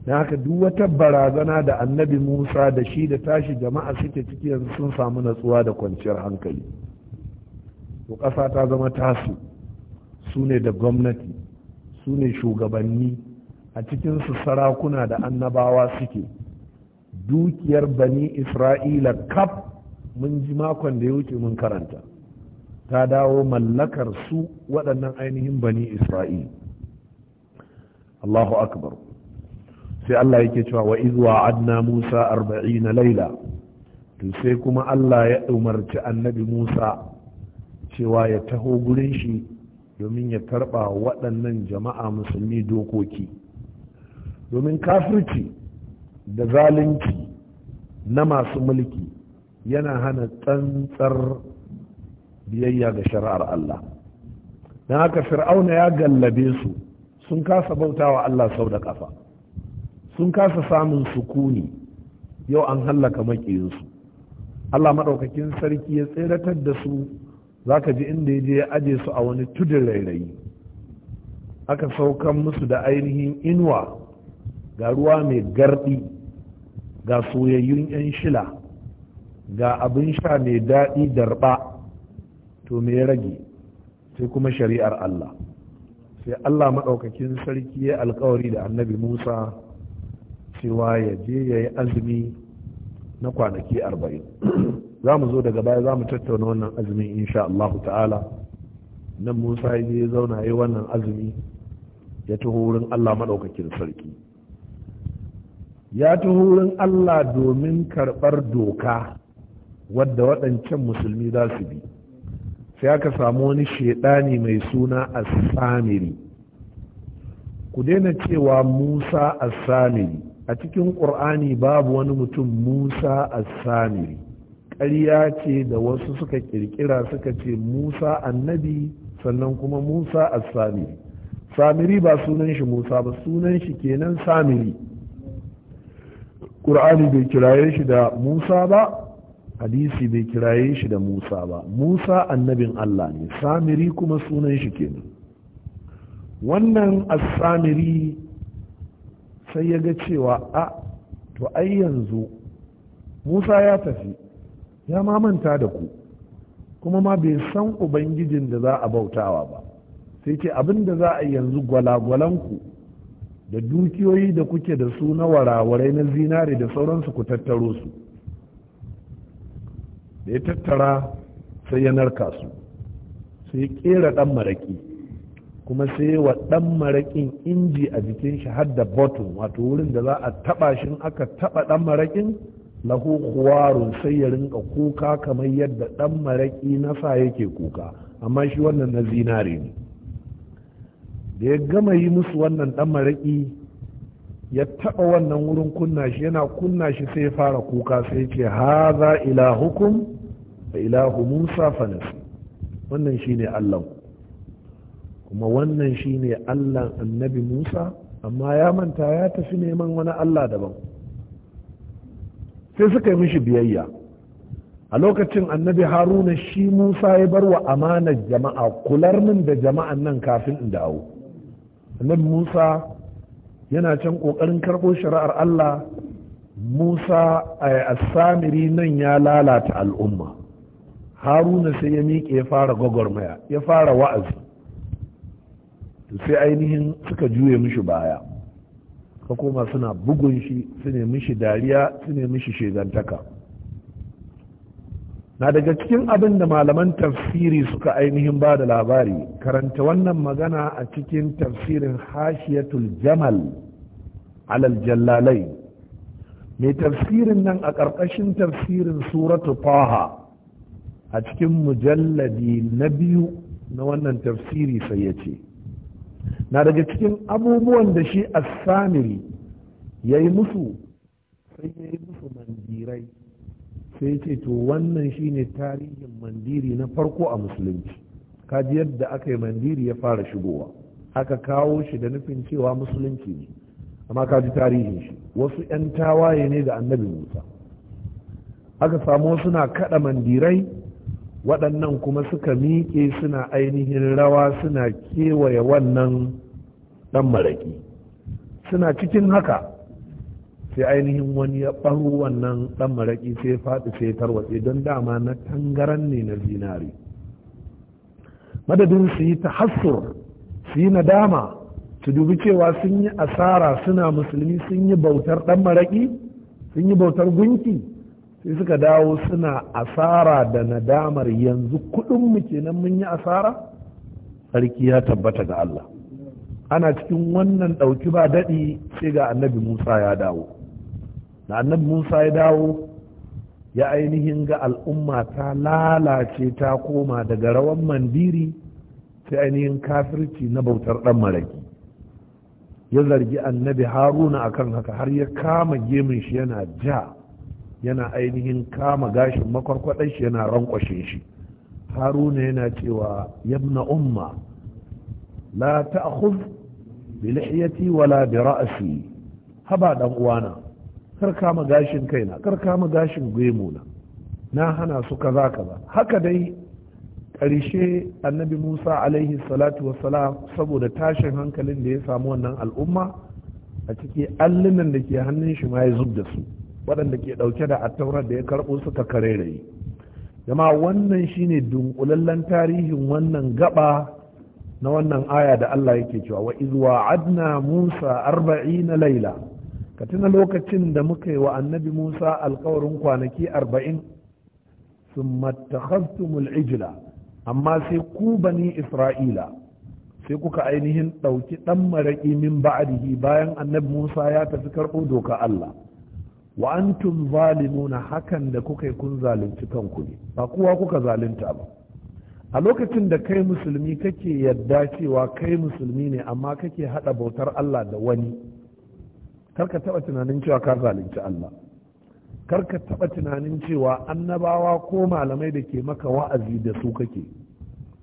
na haka duk wata barazana da annabi musa da shi da tashi jama'a suke ciki yanzu sun samu natsuwa da kwanciyar hankali to ƙasa ta zama tasu su ne da gwamnati su ne shugabanni a cikinsu sarakuna da annabawa suke dukiyar bani isra'ila kaf mun ji makon da ya wuce mun karanta ta dawo mallakar su waɗannan ainihin bani isra'ila allahu akbar sai allah yake cewa wa izuwa adna musa arba'i na laila to sai kuma allah ya umarci annabi musa cewa ya taho gurin shi domin ya karɓa waɗannan jama'a musulmi dokoki domin kafirci da zalunci na masu mulki yana hana tsantsar biyayya ga shari'ar Allah don haka fir'auna ya gallabe su sun kasa bauta wa Allah sau da ƙafa, sun kasa samun sukuni yau an hallaka maƙiyinsu Allah maɗaukakin sarki ya tseratar da su za ka ji inda ya je ya aje su a wani tudun rairayi aka saukan musu da ainihin inuwa ga ruwa mai garɗi, ga soyayyun 'yan shila ga abin sha mai daɗi darɓa to me ya rage sai kuma shari'ar Allah sai Allah maɗaukakin sarki ya alkawari da annabi Musa cewa ya je ya yi azumi na kwanaki arba'in za mu zo daga baya za mu tattauna wannan azumi insha Allah ta'ala nan Musa ya je zauna yi wannan azumi ya taho wurin Allah maɗaukakin sarki ya taho wurin Allah domin karɓar doka wadda waɗancan musulmi za su bi sai aka samu wani shaidani mai suna as-samiri ku daina cewa Musa as-samiri a cikin ƙur'ani babu wani mutum Musa as-samiri ƙarya ce da wasu suka ƙirƙira suka ce musa annabi sannan kuma musa as-samiri samiri ba sunan shi musa ba sunan shi kenan samiri ƙur'ani bai kiraye shi da musa ba hadisi bai kiraye shi da musa ba musa annabin allah ne samiri kuma sunan shi kenan wannan as sai ya ga cewa a to ai yanzu musa ya tafi ya ma manta da ku kuma ma bai san ubangijin da za a bautawa ba sai ce abin da za a yanzu gwalagwalanku da dukiyoyi da kuke da su na warawarai na zinari da sauransu ku tattaro su da ya tattara sai ya narka su sai kera dan maraki kuma sai wa dan marakin inji a jikin shi har da bottom wato wurin da za a taba shi aka taba dan marakin lahu sai ya rinka kuka kamar yadda ɗan maraƙi na sa yake kuka amma shi wannan na zinare ne da ya gama yi musu wannan ɗan maraƙi ya taɓa wannan wurin kunna shi yana kunna shi sai ya fara kuka sai ce haza ilahukum da ilahu musa Fanas. wannan shine allah kuma wannan shine allah annabi musa amma ya manta ya tafi neman wani allah daban sai suka yi mishi biyayya a lokacin annabi haruna shi musa ya bar wa amanar jama'a kular min da jama'an nan kafin in dawo annabi musa yana can ƙoƙarin karɓo shari'ar allah musa eh, a samiri nan ya lalata al'umma haruna sai ya miƙe ya fara gwagwarmaya ya fara wa'azi sai ainihin suka juye mishi baya ka koma suna bugun shi su ne mishi dariya su ne mishi shezantaka na daga cikin abin da malaman tafsiri suka ainihin ba da labari karanta wannan magana a cikin tafsirin hashiyatul jamal alal jallalai mai tafsirin nan a ƙarƙashin tafsirin suratu faha a cikin mujalladi na biyu na wannan tafsiri sai ya ce na daga cikin abubuwan da shi assamiri ya yi musu sai ya yi musu mandirai sai ce to wannan shine tarihin mandiri na farko a musulunci kaji yadda aka yi mandiri ya fara shigowa aka kawo shi da nufin cewa musulunci ne amma kaji tarihin shi wasu 'yan tawaye ne da annabi musa aka samu suna kada mandirai waɗannan kuma suka miƙe suna ainihin rawa suna kewaye wannan ɗan maraƙi suna cikin haka sai ainihin wani ya ɓaro wannan ɗan maraƙi sai faɗi sai tarwatse don dama na tangaran ne na zinari madadin su yi ta hassur su yi nadama su dubi cewa sun yi asara suna musulmi sun yi bautar ɗan maraƙi sun yi bautar gunki sai suka dawo suna asara da nadamar yanzu mu kenan mun yi asara sarki ya tabbata ga Allah ana cikin wannan ɗauki ba daɗi sai ga annabi musa ya dawo da annabi musa ya dawo ya ainihin ga al'umma ta lalace ta koma daga rawan mandiri sai ainihin kafirci na bautar ɗan maraki ya zargi annabi haruna akan haka har ya kama gemin shi yana ja yana ainihin kama gashin makwarkwadon shi yana rankwashe shi haruna yana cewa yabna umma la ta'khudh bi lihiyati wala bi ra'si haba dan uwana kar kama gashin kaina kar kama gashin gwemuna na hana su kaza kaza haka dai ƙarshe annabi musa alaihi salatu wassalam saboda tashin hankalin da ya samu wannan al'umma a ciki allunan da ke hannun shi ma ya zub da su waɗanda ke ɗauke da attaurar da ya karɓo suka yi jama wannan shine dunkulallen tarihin wannan gaba na wannan aya da Allah yake cewa wa iz wa'adna Musa arba'ina laila ka tuna lokacin da muka yi wa annabi Musa alkawarin kwanaki arba'in sun matakhaftumul ijila amma sai ku bani Isra'ila sai kuka ainihin ɗauki ɗan maraƙi min ba'adihi bayan annabi Musa ya tafi karɓo doka Allah wa'antun antum zalimuna hakan da kuka yi kun zalunci kanku ne ba kowa kuka zalunta ba a lokacin da kai musulmi kake yadda cewa kai musulmi ne amma kake hada bautar Allah da wani karka taba tunanin cewa ka zalunci Allah karka taba tunanin cewa annabawa ko malamai da ke maka wa'azi da su kake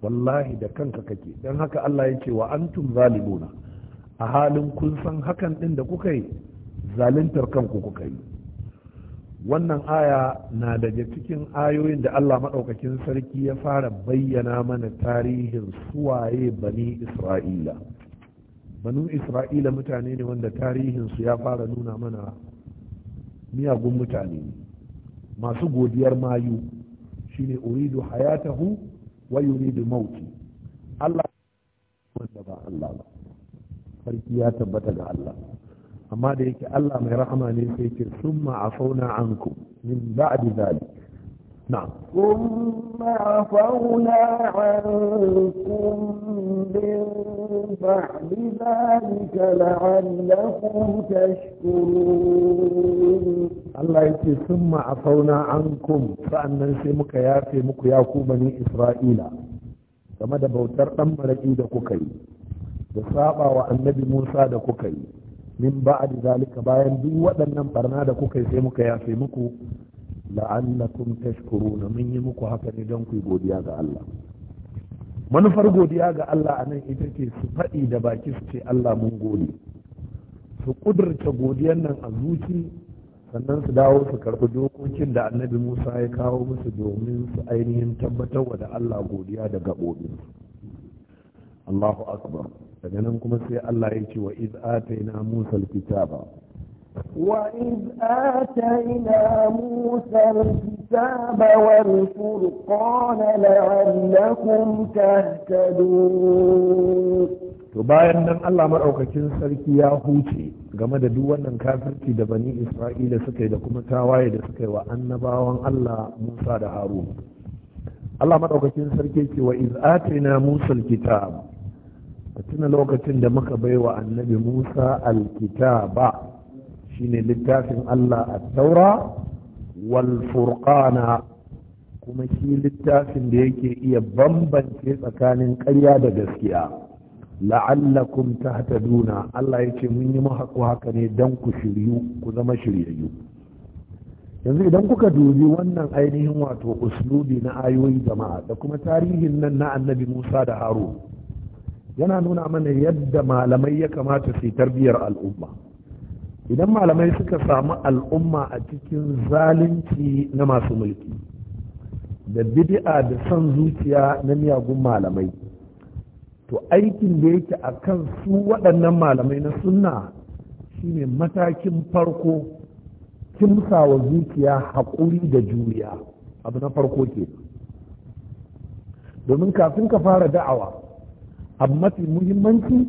wallahi da kanka kake don haka Allah ya ce wa antum zalimuna a halin kun san hakan din da kuka yi zaluntar kanku kuka yi wannan aya na daga cikin ayoyin da Allah maɗaukakin sarki ya fara bayyana mana tarihin suwaye bani isra'ila banu isra'ila mutane ne wanda tarihinsu ya fara nuna mana miyagun mutane masu godiyar mayu shine uridu hayatahu wa yuridu mauti Allah wanda ba Allah ba sarki ya tabbata ga Allah amma da yake Allah mai rahama ne sai ce summa afauna anku min ba'di zalik na'am summa afauna ankum min ba'di zalika la'allakum tashkurun Allah ya yake summa afauna ankum sa'annan sai muka yafe muku ya ku bani Isra'ila game da bautar ɗan maraki da kuka yi da saba wa annabi Musa da kuka yi min ba da zalika bayan duk waɗannan barna da kuka yi sai muka yafe muku la'allakum tashkuruna mun yi muku haka ne don ku godiya ga Allah manufar godiya ga Allah a nan ita ce su faɗi da baki su ce Allah mun gode su ƙudurta godiyan nan a zuci sannan su dawo su karɓi dokokin da annabi musa ya kawo musu domin su ainihin tabbatarwa da Allah godiya da gaɓoɓinsu Allahu akbar daga nan kuma sai Allah ya ce wa iz ataina Musa kitaba wa iz ataina Musa kitaba wal furqana la'allakum to bayan nan Allah maɗaukakin sarki ya huce game da duk wannan kafirci da bani Isra'ila suka yi da kuma tawaye da suka yi wa annabawan Allah Musa da Haru. Allah maɗaukakin sarki ce wa iz ataina Musa kitaba ka tuna lokacin da muka baiwa annabi musa alkitaba shine littafin allah a taura Walfurkana kuma shi littafin da yake iya bambance tsakanin ƙarya da gaskiya la'allakum tahtaduna allah ya ce mun yi mahaku haka ne don ku shiryu ku zama shiryayyu yanzu idan kuka dubi wannan ainihin wato uslubi na ayoyi jama'a da kuma tarihin nan na annabi musa da harun yana nuna mana yadda malamai ya kamata su tarbiyar al'umma idan malamai suka samu al'umma a cikin zalunci na masu mulki da bid'a da son zuciya na miyagun malamai to aikin da yake a kan su waɗannan malamai na sunna shine matakin farko kimsawa zuciya haƙuri da juriya abu na farko ke domin kafin ka fara da'awa amma mafi muhimmanci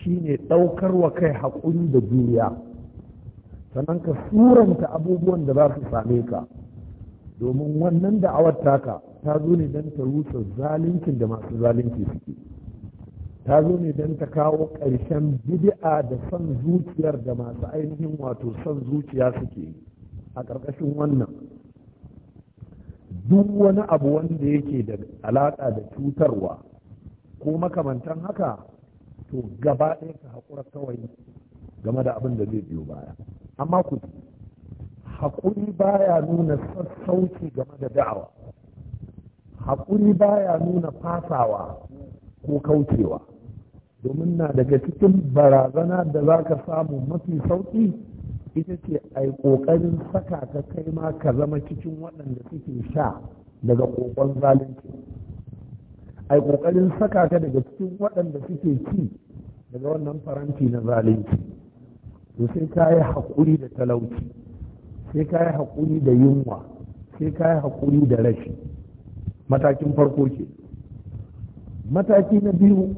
shine ɗaukar wa kai haƙuri da juriya sannan ka suranta abubuwan da za su same ka domin wannan da'awar taka ta zo ne don ta rusa zaluncin da masu zalunci suke ta zo ne don ta kawo ƙarshen bid'a da son zuciyar da masu ainihin wato son zuciya suke a ƙarƙashin wannan duk wani abu wanda yake da alaƙa da cutarwa ko makamantan haka to gaba ɗaya ka haƙura kawai game da abin da zai biyo baya amma ku haƙuri baya nuna sassauci game da da'awa haƙuri baya nuna fasawa ko kaucewa domin na daga cikin barazana da za ka samu mafi sauƙi ita ce a yi ƙoƙarin saka ka kai ma ka zama cikin waɗanda suke sha daga ƙoƙon zalunci ai ƙoƙarin saka ka daga cikin waɗanda suke ci daga wannan faranti na zalunci to sai ka yi haƙuri da talauci sai ka yi haƙuri da yunwa sai ka yi haƙuri da rashi matakin farko ke. mataki na biyu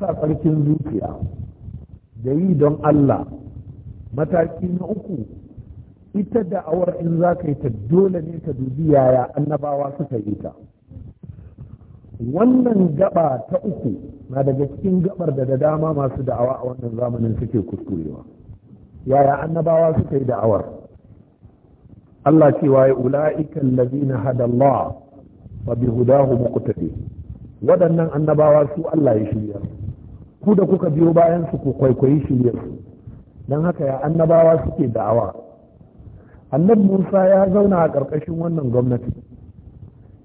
sa tsarkin zuciya da yi don Allah mataki na uku ita da awar in za ka yi ta dole ne ka dubi yaya annabawa suka yi ta wannan gaba ta uku na daga cikin gabar da da dama masu da'awa a wannan zamanin suke kuskurewa yaya annabawa suka yi da'awar Allah cewa ya ula'ika allazina Hadallah wa bi hudahu muqtadi waɗannan annabawa su Allah ya shirya ku da kuka biyo bayan su ku kwaikwayi shirya su dan haka ya annabawa suke da'awa annabi Musa ya zauna a ƙarƙashin wannan gwamnati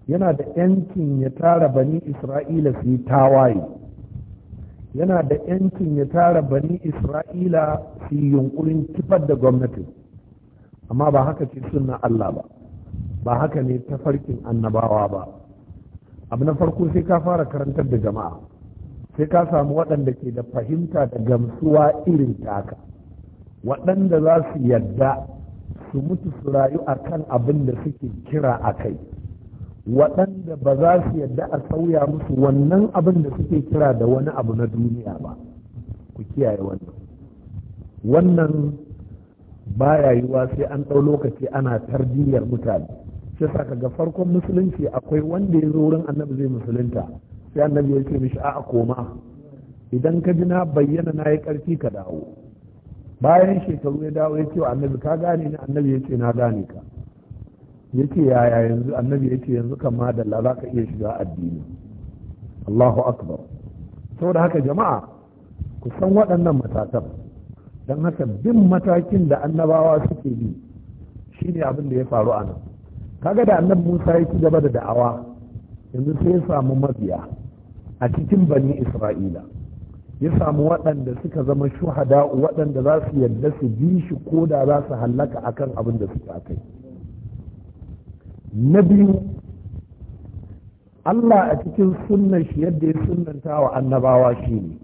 yana da yancin ya tara bani isra'ila su yi tawaye yana da yancin ya tara bani isra'ila su yi yunkurin kifar da gwamnati amma ba haka ce sunna allah ba ba haka ne ta farkin annabawa ba abu na farko sai ka fara karantar da jama'a sai ka samu waɗanda ke da fahimta da gamsuwa irin taka waɗanda za su yarda su mutu su rayu a kan abin da suke kira a kai waɗanda ba za su yadda a sauya musu wannan abin da suke kira da wani abu na duniya ba ku kiyaye wannan wannan baya yiwa sai an ɗau lokaci ana tarbiyyar mutane shi sa ga farkon musulunci akwai wanda ya zo wurin annabi zai musulunta sai annabi ya ce mishi a koma idan ka ji na bayyana na yi ƙarfi ka dawo bayan shekaru ya dawo ya ce wa annabi ka gane ni annabi ya ce na gane ka yake yaya yanzu annabi yake yanzu kan ma dalla za ka iya shiga addini Allahu akbar saboda haka jama'a ku san waɗannan matakan don haka bin matakin da annabawa suke bi shine abin da ya faru a nan kaga da annabi Musa ya ci gaba da da'awa yanzu sai ya samu mabiya a cikin bani Isra'ila ya samu waɗanda suka zama shuhada waɗanda za su yadda su bi shi ko da za su hallaka akan abin da suka kai na biyu Allah a cikin sunan shi yadda ya sunanta wa annabawa shi ne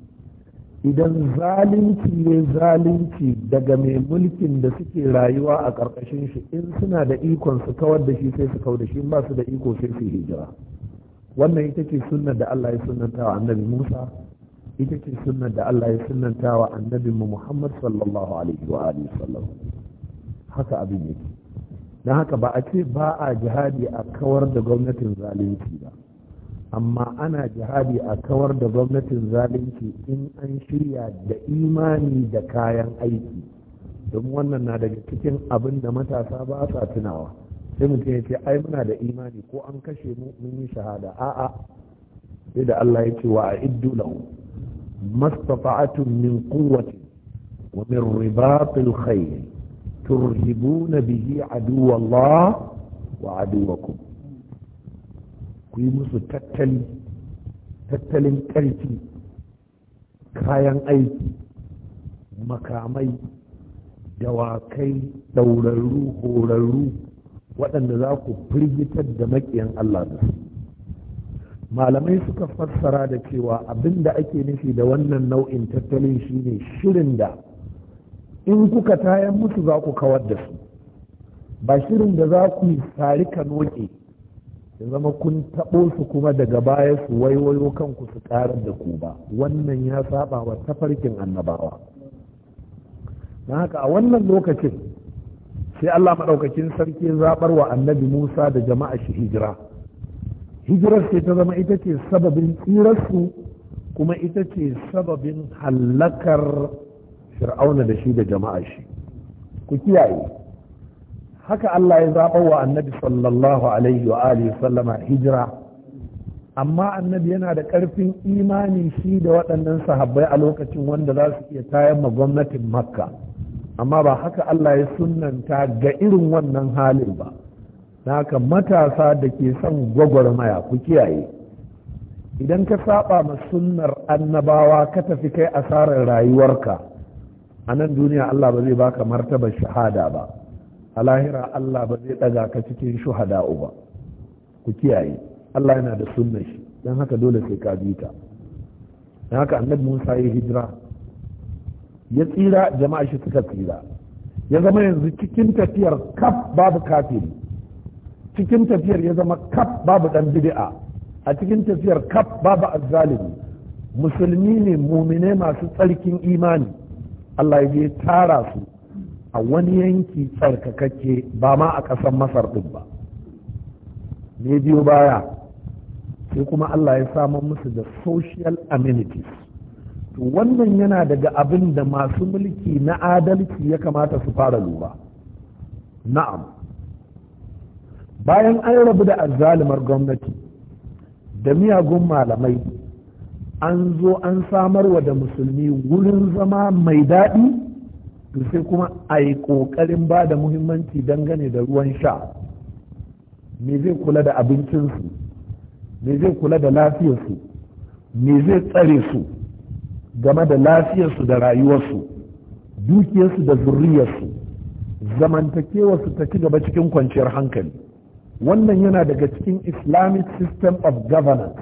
idan zalunci ne zalunci daga mai mulkin da suke rayuwa a ƙarƙashin shi in suna da ikon su kawar da shi sai su kawar da shi ba su da iko sai su hijira wannan ita ce sunan da Allah ya sunanta wa annabi Musa ita ce sunan da Allah ya sunanta wa annabi Muhammad sallallahu alaihi wa alihi sallam haka abin yake don haka ba a ce ba a jihadi a kawar da gwamnatin zalunci ba amma ana jihadi a kawar da gwamnatin zalunci in an shirya da imani da kayan aiki don wannan na daga cikin abin da matasa ba sa tunawa sai mutum ya ce ai muna da imani ko an kashe mu mun yi shahada a'a sai da Allah ya ce wa a iddu lahu mastata'atun min quwwati wa min ribatil khayr turhibuna bihi aduwallah wa aduwakum ku yi musu tattali tattalin ƙarfi kayan aiki makamai dawakai ɗaurarru horarru waɗanda za ku firgitar da maƙiyan Allah da su malamai suka fassara da cewa abinda ake nufi da wannan nau'in tattalin shine shirin da in kuka tayan musu za ku kawar da su ba shirin da za ku yi tari ka noke ya zama kun taɓo su kuma daga baya su waiwayo kanku su ƙarar da ku ba wannan ya saba wa tafarkin annabawa na haka a wannan lokacin sai allah maɗaukakin sarki zaɓar wa annabi musa da jama'a shi hijira hijirar sai ta zama ita ce sababin tsirarsu kuma ita ce sababin hallakar fir'auna da shi da jama'a shi ku kiyaye haka Allah ya zaɓa wa annabi sallallahu alaihi wa alihi sallama hijira amma annabi yana da ƙarfin imani shi da waɗannan sahabbai a lokacin wanda za su iya tayan ma gwamnatin makka amma ba haka Allah ya sunanta ga irin wannan halin ba haka matasa da ke son gwagwarmaya ku kiyaye idan ka saba ma sunnar annabawa ka tafi kai asarar rayuwarka a nan duniya Allah ba zai baka martabar shahada ba a lahira Allah ba zai daga ka cikin shuhada ba ku kiyaye Allah yana da sunnar shi don haka dole sai ka bi ta don haka annabi Musa ya hijira ya tsira jama'a shi suka tsira ya zama yanzu cikin tafiyar kaf babu kafiri cikin tafiyar ya zama kaf babu dan bid'a a cikin tafiyar kaf babu azzalimi musulmi ne mumine masu tsarkin imani Allah ya je tara su a wani yanki tsarkakakke ba ma a ƙasar masar ɗin ba ne biyo baya sai kuma Allah ya samu musu da social amenities to wannan yana daga abin da masu mulki na adalci ya kamata su fara lura na'am bayan an rabu da azzalimar gwamnati da miyagun malamai an zo an samarwa da musulmi wurin zama mai daɗi to sai kuma a yi ƙoƙarin ba da muhimmanci dangane da ruwan sha me zai kula da abincinsu me zai kula da lafiyarsu me zai tsare su game da lafiyarsu da rayuwarsu dukiyarsu da zurriyarsu zamantakewarsu ta ci gaba cikin kwanciyar hankali wannan yana daga cikin islamic system of governance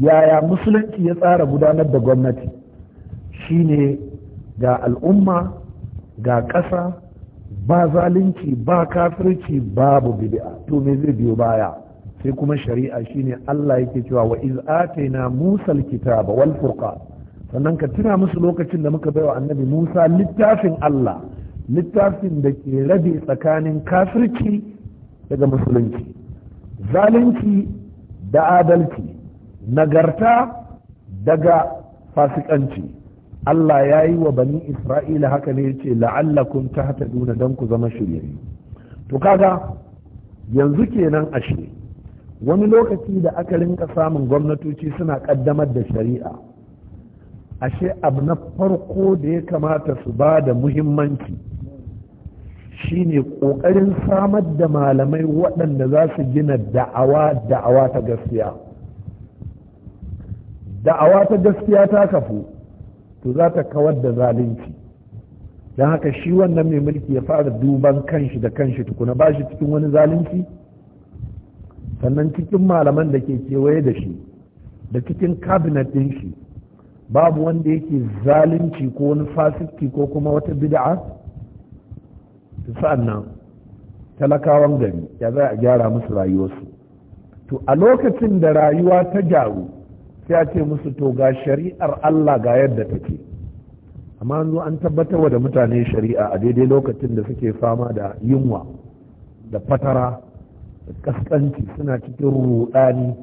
yaya musulunci ya tsara gudanar da gwamnati shine ga al'umma ga ƙasa ba zalunci ba kafirci babu bid'a to me zai biyo baya sai kuma shari'a shine Allah yake cewa wa iz atayna Musa alkitaba wal furqa sannan ka tuna musu lokacin da muka baiwa annabi Musa littafin Allah littafin da ke rabe tsakanin kafirci daga musulunci zalunci da adalci nagarta daga fasikanci Allah ya yi wa bani Isra'ila haka ne yace la'allakum tahtaduna dan ku zama shirye to kaga yanzu kenan ashe wani lokaci da aka rinka samun gwamnatoci suna kaddamar da shari'a ashe abu na farko da ya kamata su ba da muhimmanci shine ƙoƙarin samar da malamai waɗanda za su gina da'awa da'awa ta gaskiya da da'awa ta gaskiya ta kafu to za ta kawar da zalunci don haka shi wannan mai mulki ya fara duban kanshi da kanshi tukuna ba shi cikin wani zalunci sannan cikin malaman da ke kewaye da shi da cikin kabinet din shi babu wanda yake zalunci ko wani fasiki ko kuma wata bid'a sa'annan talakawan gari ya za a gyara musu rayuwarsu to a lokacin da rayuwa ta gyaru sai ce musu to ga shari'ar Allah ga yadda take amma an zo an tabbatar da mutane shari'a a daidai lokacin da suke fama da yunwa da fatara da kaskanci suna cikin rudani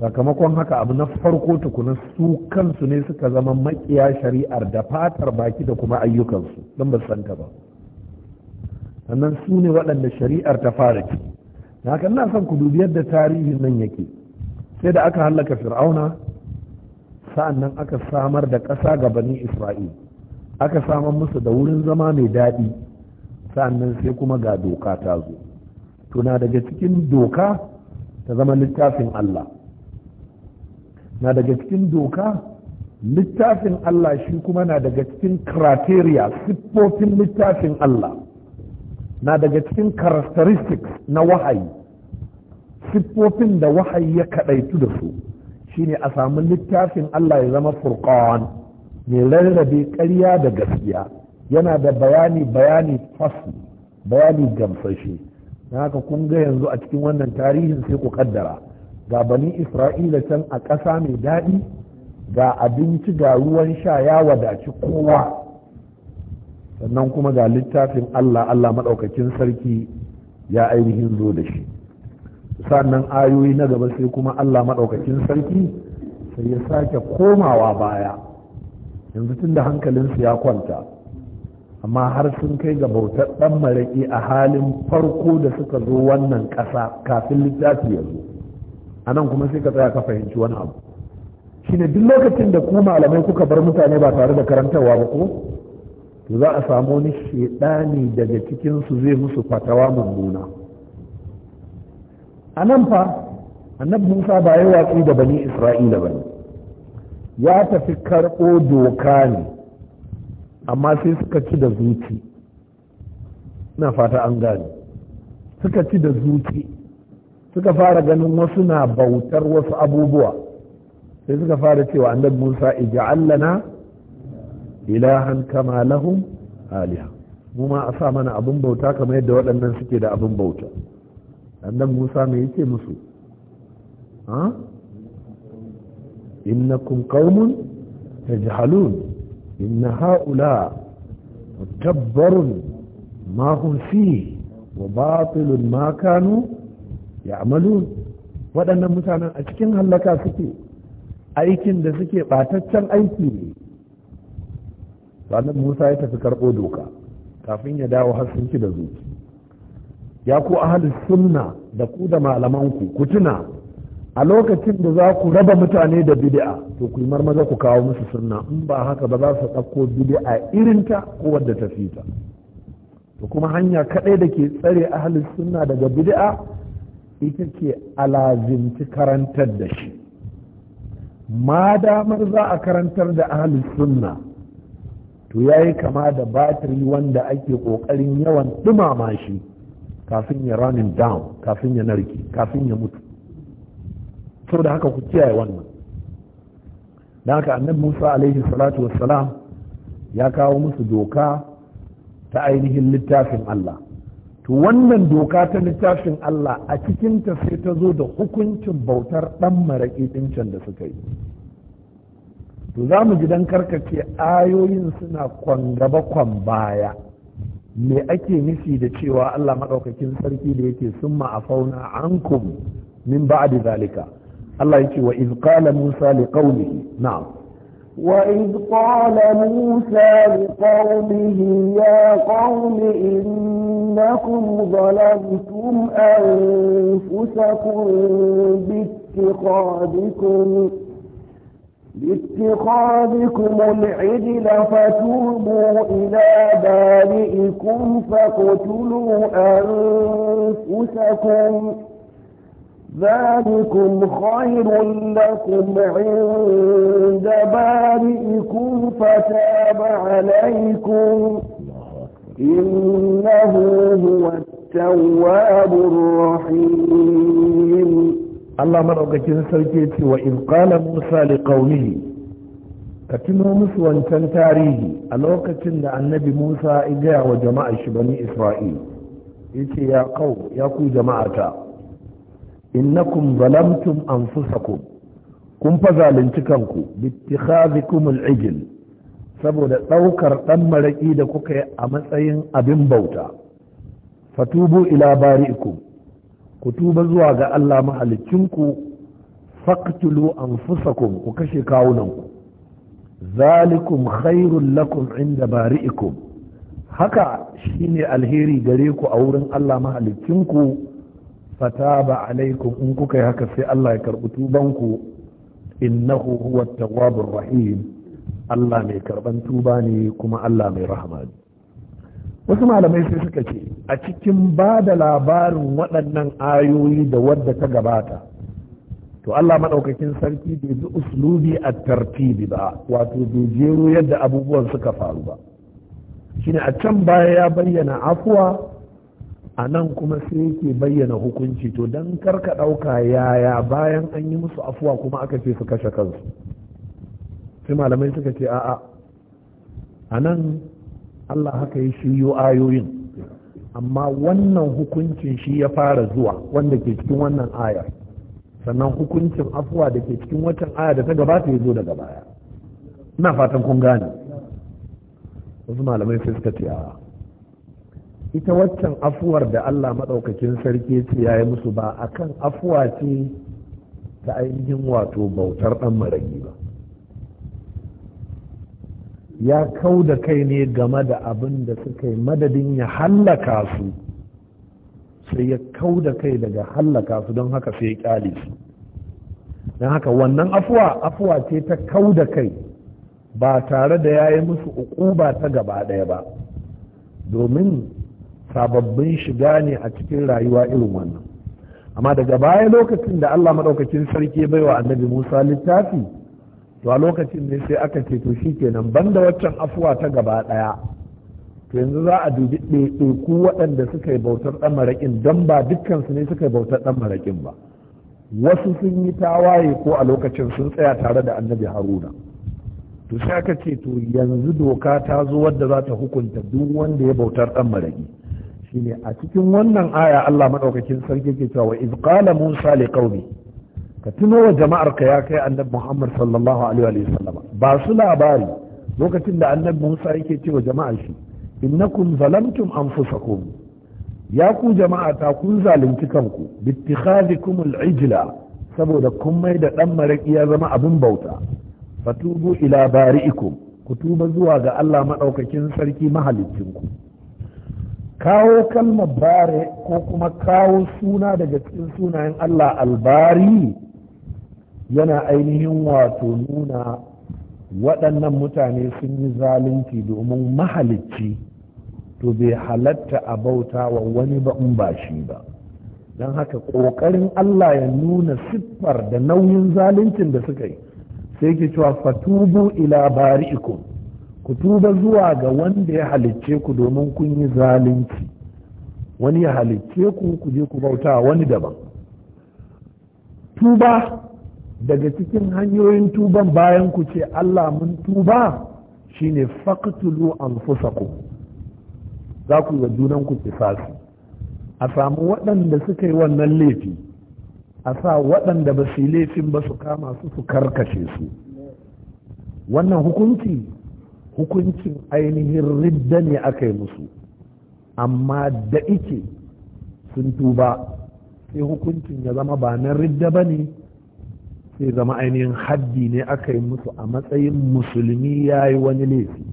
sakamakon haka abu na farko tukuna su kansu ne suka zama makiya shari'ar da fatar baki da kuma ayyukansu don ba santa ba sannan su ne waɗanda shari'ar ta fara ce na haka son ku dubi yadda tarihin nan yake sai da aka hallaka fir'auna sa'an nan aka samar da ƙasa ga bani isra'il aka samar musu da wurin zama mai daɗi sa'an nan sai kuma ga doka ta zo tuna daga cikin doka ta zama littafin allah na daga cikin doka littafin allah shi kuma na daga cikin criteria siffofin littafin allah na daga cikin characteristics na wahayi siffofin da wahayi ya kaɗaitu da su shine a samu littafin Allah ya zama furqan mai rarrabe ƙarya da gaskiya yana da bayani bayani fasli bayani gamsashe na haka kun ga yanzu a cikin wannan tarihin sai ku kaddara ga bani isra'ila can a ƙasa mai daɗi ga abinci ga ruwan sha ya wadaci kowa sannan kuma ga littafin allah allah maɗaukakin sarki ya ainihin zo da shi sannan ayoyi na gaba sai kuma Allah maɗaukakin sarki sai ya sake komawa baya yanzu tun da hankalinsu ya kwanta amma har sun kai ga bautar ɗan maraƙi a halin farko da suka zo wannan ƙasa kafin littafi ya zo a nan kuma sai ka tsaya ka fahimci wani abu shi ne duk lokacin da ku malamai kuka bar mutane ba tare da karantarwa ba ko to za a samu wani shaidani daga cikinsu zai musu fatawa mummuna a nan fa annabi musa ba ya watsi da bani isra'ila ba ne ya tafi karɓo doka ne amma sai suka ci da zuci na fata an gane suka ci da zuci suka fara ganin wasu na bautar wasu abubuwa sai suka fara cewa annabi musa ija'allana ilahan kama lahum aliha mu ma a sa mana abin bauta kamar yadda waɗannan suke da abin bauta annan musa mai yake musu ha innakum qaumun tajhalun inna haula mutabbarun ma hum fi wa batilun ma kanu ya'malun waɗannan mutanen a cikin hallaka suke aikin da suke ɓataccen aiki ne sannan musa ya tafi karɓo doka kafin ya dawo har sun da zuci ya ku ahli sunna da ku da malamanku ku tuna a lokacin da za ku raba mutane da bid'a to ku marmaza ku kawo musu sunna in ba haka ba za su ɗauko bid'a irinta ko wadda ta fita to kuma hanya kaɗai da ke tsare ahli sunna daga bid'a ita ce alazimci karantar da shi ma damar za a karantar da ahalus sunna to yayi kama da batiri wanda ake ƙoƙarin yawan dumama shi kafin ya ramin down kafin ya narke kafin ya mutu saboda haka ku kiyaye wannan da haka annabi musa alaihi salatu wassalam ya kawo musu doka ta ainihin littafin allah to wannan doka ta littafin allah a cikinta sai ta zo da hukuncin bautar dan maraƙi ɗincin da suka yi to za mu ji dan karkace ayoyin suna kwan gaba kwan baya me ake nufi da cewa Allah maɗaukakin sarki da yake summa a fauna ankum min ba'di zalika Allah yake wa iz qala Musa li qaumihi na'am wa iz qala musa li qaumihi ya qaumi innakum zalamtum anfusakum bi باتخاذكم باتخاذكم العجل فتوبوا إلى بارئكم فاقتلوا أنفسكم ذلكم خير لكم عند بارئكم فتاب عليكم إنه هو التواب الرحيم Allah maɗaukakin sarki ce wa in qala Musa li qaumihi ka tuno musu wancan tarihi a lokacin da annabi Musa ya gaya wa jama'a shi bani Isra'il yace ya qau ya ku jama'ata innakum zalamtum anfusakum kun fa zalunci kanku bittikhadhikum al saboda ɗaukar ɗan maraƙi da kuka yi a matsayin abin bauta fatubu ila bari'ikum ku tuba zuwa ga Allah mahalicinku faktulu anfusakum ku kashe kawunanku zalikum khairul lakum inda bari'ikum haka shine alheri gare ku a wurin Allah mahalicinku fataba alaikum in kuka yi haka sai Allah ya karbi tubanku innahu huwa tawwabur rahim Allah mai karban tuba ne kuma Allah mai rahama ne wasu malamai sai suka ce a cikin ba da labarin waɗannan ayoyi da wadda ta gabata to Allah maɗaukakin sarki bai bi uslubi a tartibi ba wato jero yadda abubuwan suka faru ba shine a can baya ya bayyana afuwa a nan kuma sai yake bayyana hukunci to don karka ɗauka yaya bayan an yi musu afuwa kuma aka ce su kashe kansu sai malamai suka ce a'a a nan Allah haka ya shiryo ayoyin amma wannan hukuncin shi ya fara zuwa wanda ke cikin wannan ayar sannan hukuncin afuwa da ke cikin watan ayar da ta gabata ya zo daga baya ina fatan kun gane wasu malamai sai suka ce ita waccan afuwar da Allah maɗaukakin sarki ce ya yi musu ba akan afuwa ce ta ainihin wato bautar ɗan maragi ba ya kau da kai ne game da abin da suka yi madadin ya hallaka su sai ya kau da kai daga hallaka su don haka sai ya kyale su don haka wannan afuwa afuwa ce ta kau da kai ba tare da ya yi musu ba ta gaba ɗaya ba domin sababbin shiga ne a cikin rayuwa irin wannan amma daga baya lokacin da allah maɗaukacin sarki baiwa annabi musa littafi to a lokacin ne sai aka ce to shikenan banda waccan afuwa ta gaba ɗaya to yanzu za a dubi ɗaiɗaiku waɗanda suka yi bautar ɗan maraƙin don ba dukkansu ne suka yi bautar ɗan maraƙin ba wasu sun yi tawaye ko a lokacin sun tsaya tare da annabi haruna to sai aka ce to yanzu doka ta zo wadda za ta hukunta duk wanda ya bautar ɗan maraƙi shine a cikin wannan aya Allah maɗaukakin sarki ke cewa iz qala musa liqaumi ka tuno wa jama'ar ka ya kai annabi Muhammad sallallahu alaihi wa sallam ba su labari lokacin da annabi Musa yake ce wa jama'ar shi innakum zalamtum anfusakum ya ku jama'a ta kun zalunci kanku bittikhadikum al-ijla saboda kun mai da dan maraki ya zama abin bauta fatubu ila bari'ikum ku tuba zuwa ga Allah madaukakin sarki mahaliccin ku. kawo kalmar bare ko kuma kawo suna daga cikin sunayen Allah albari yana ainihin wato nuna waɗannan mutane sun yi zalunci domin mahalicci to bai halatta a bauta wa wani ba in ba shi ba don haka ƙoƙarin Allah ya nuna siffar da nauyin zaluncin da suka yi sai ke cewa fatubu ila bari'ikum ku tuba zuwa ga wanda ya halicce ku domin kun yi zalunci wani ya halicce ku ku je ku bauta wani daban tuba daga cikin hanyoyin tuban bayan ku ce Allah mun tuba shine faqtulu anfusakum za ku yi wa junan ku kisasi a samu waɗanda suka yi wannan laifi a sa waɗanda ba su laifin ba su kama su su karkashe su wannan hukunci hukuncin ainihin ridda ne aka yi musu amma da ike sun tuba sai hukuncin ya zama ba na ridda ba ne sai zama ainihin haddi ne aka yi musu a matsayin musulmi ya yi wani laifi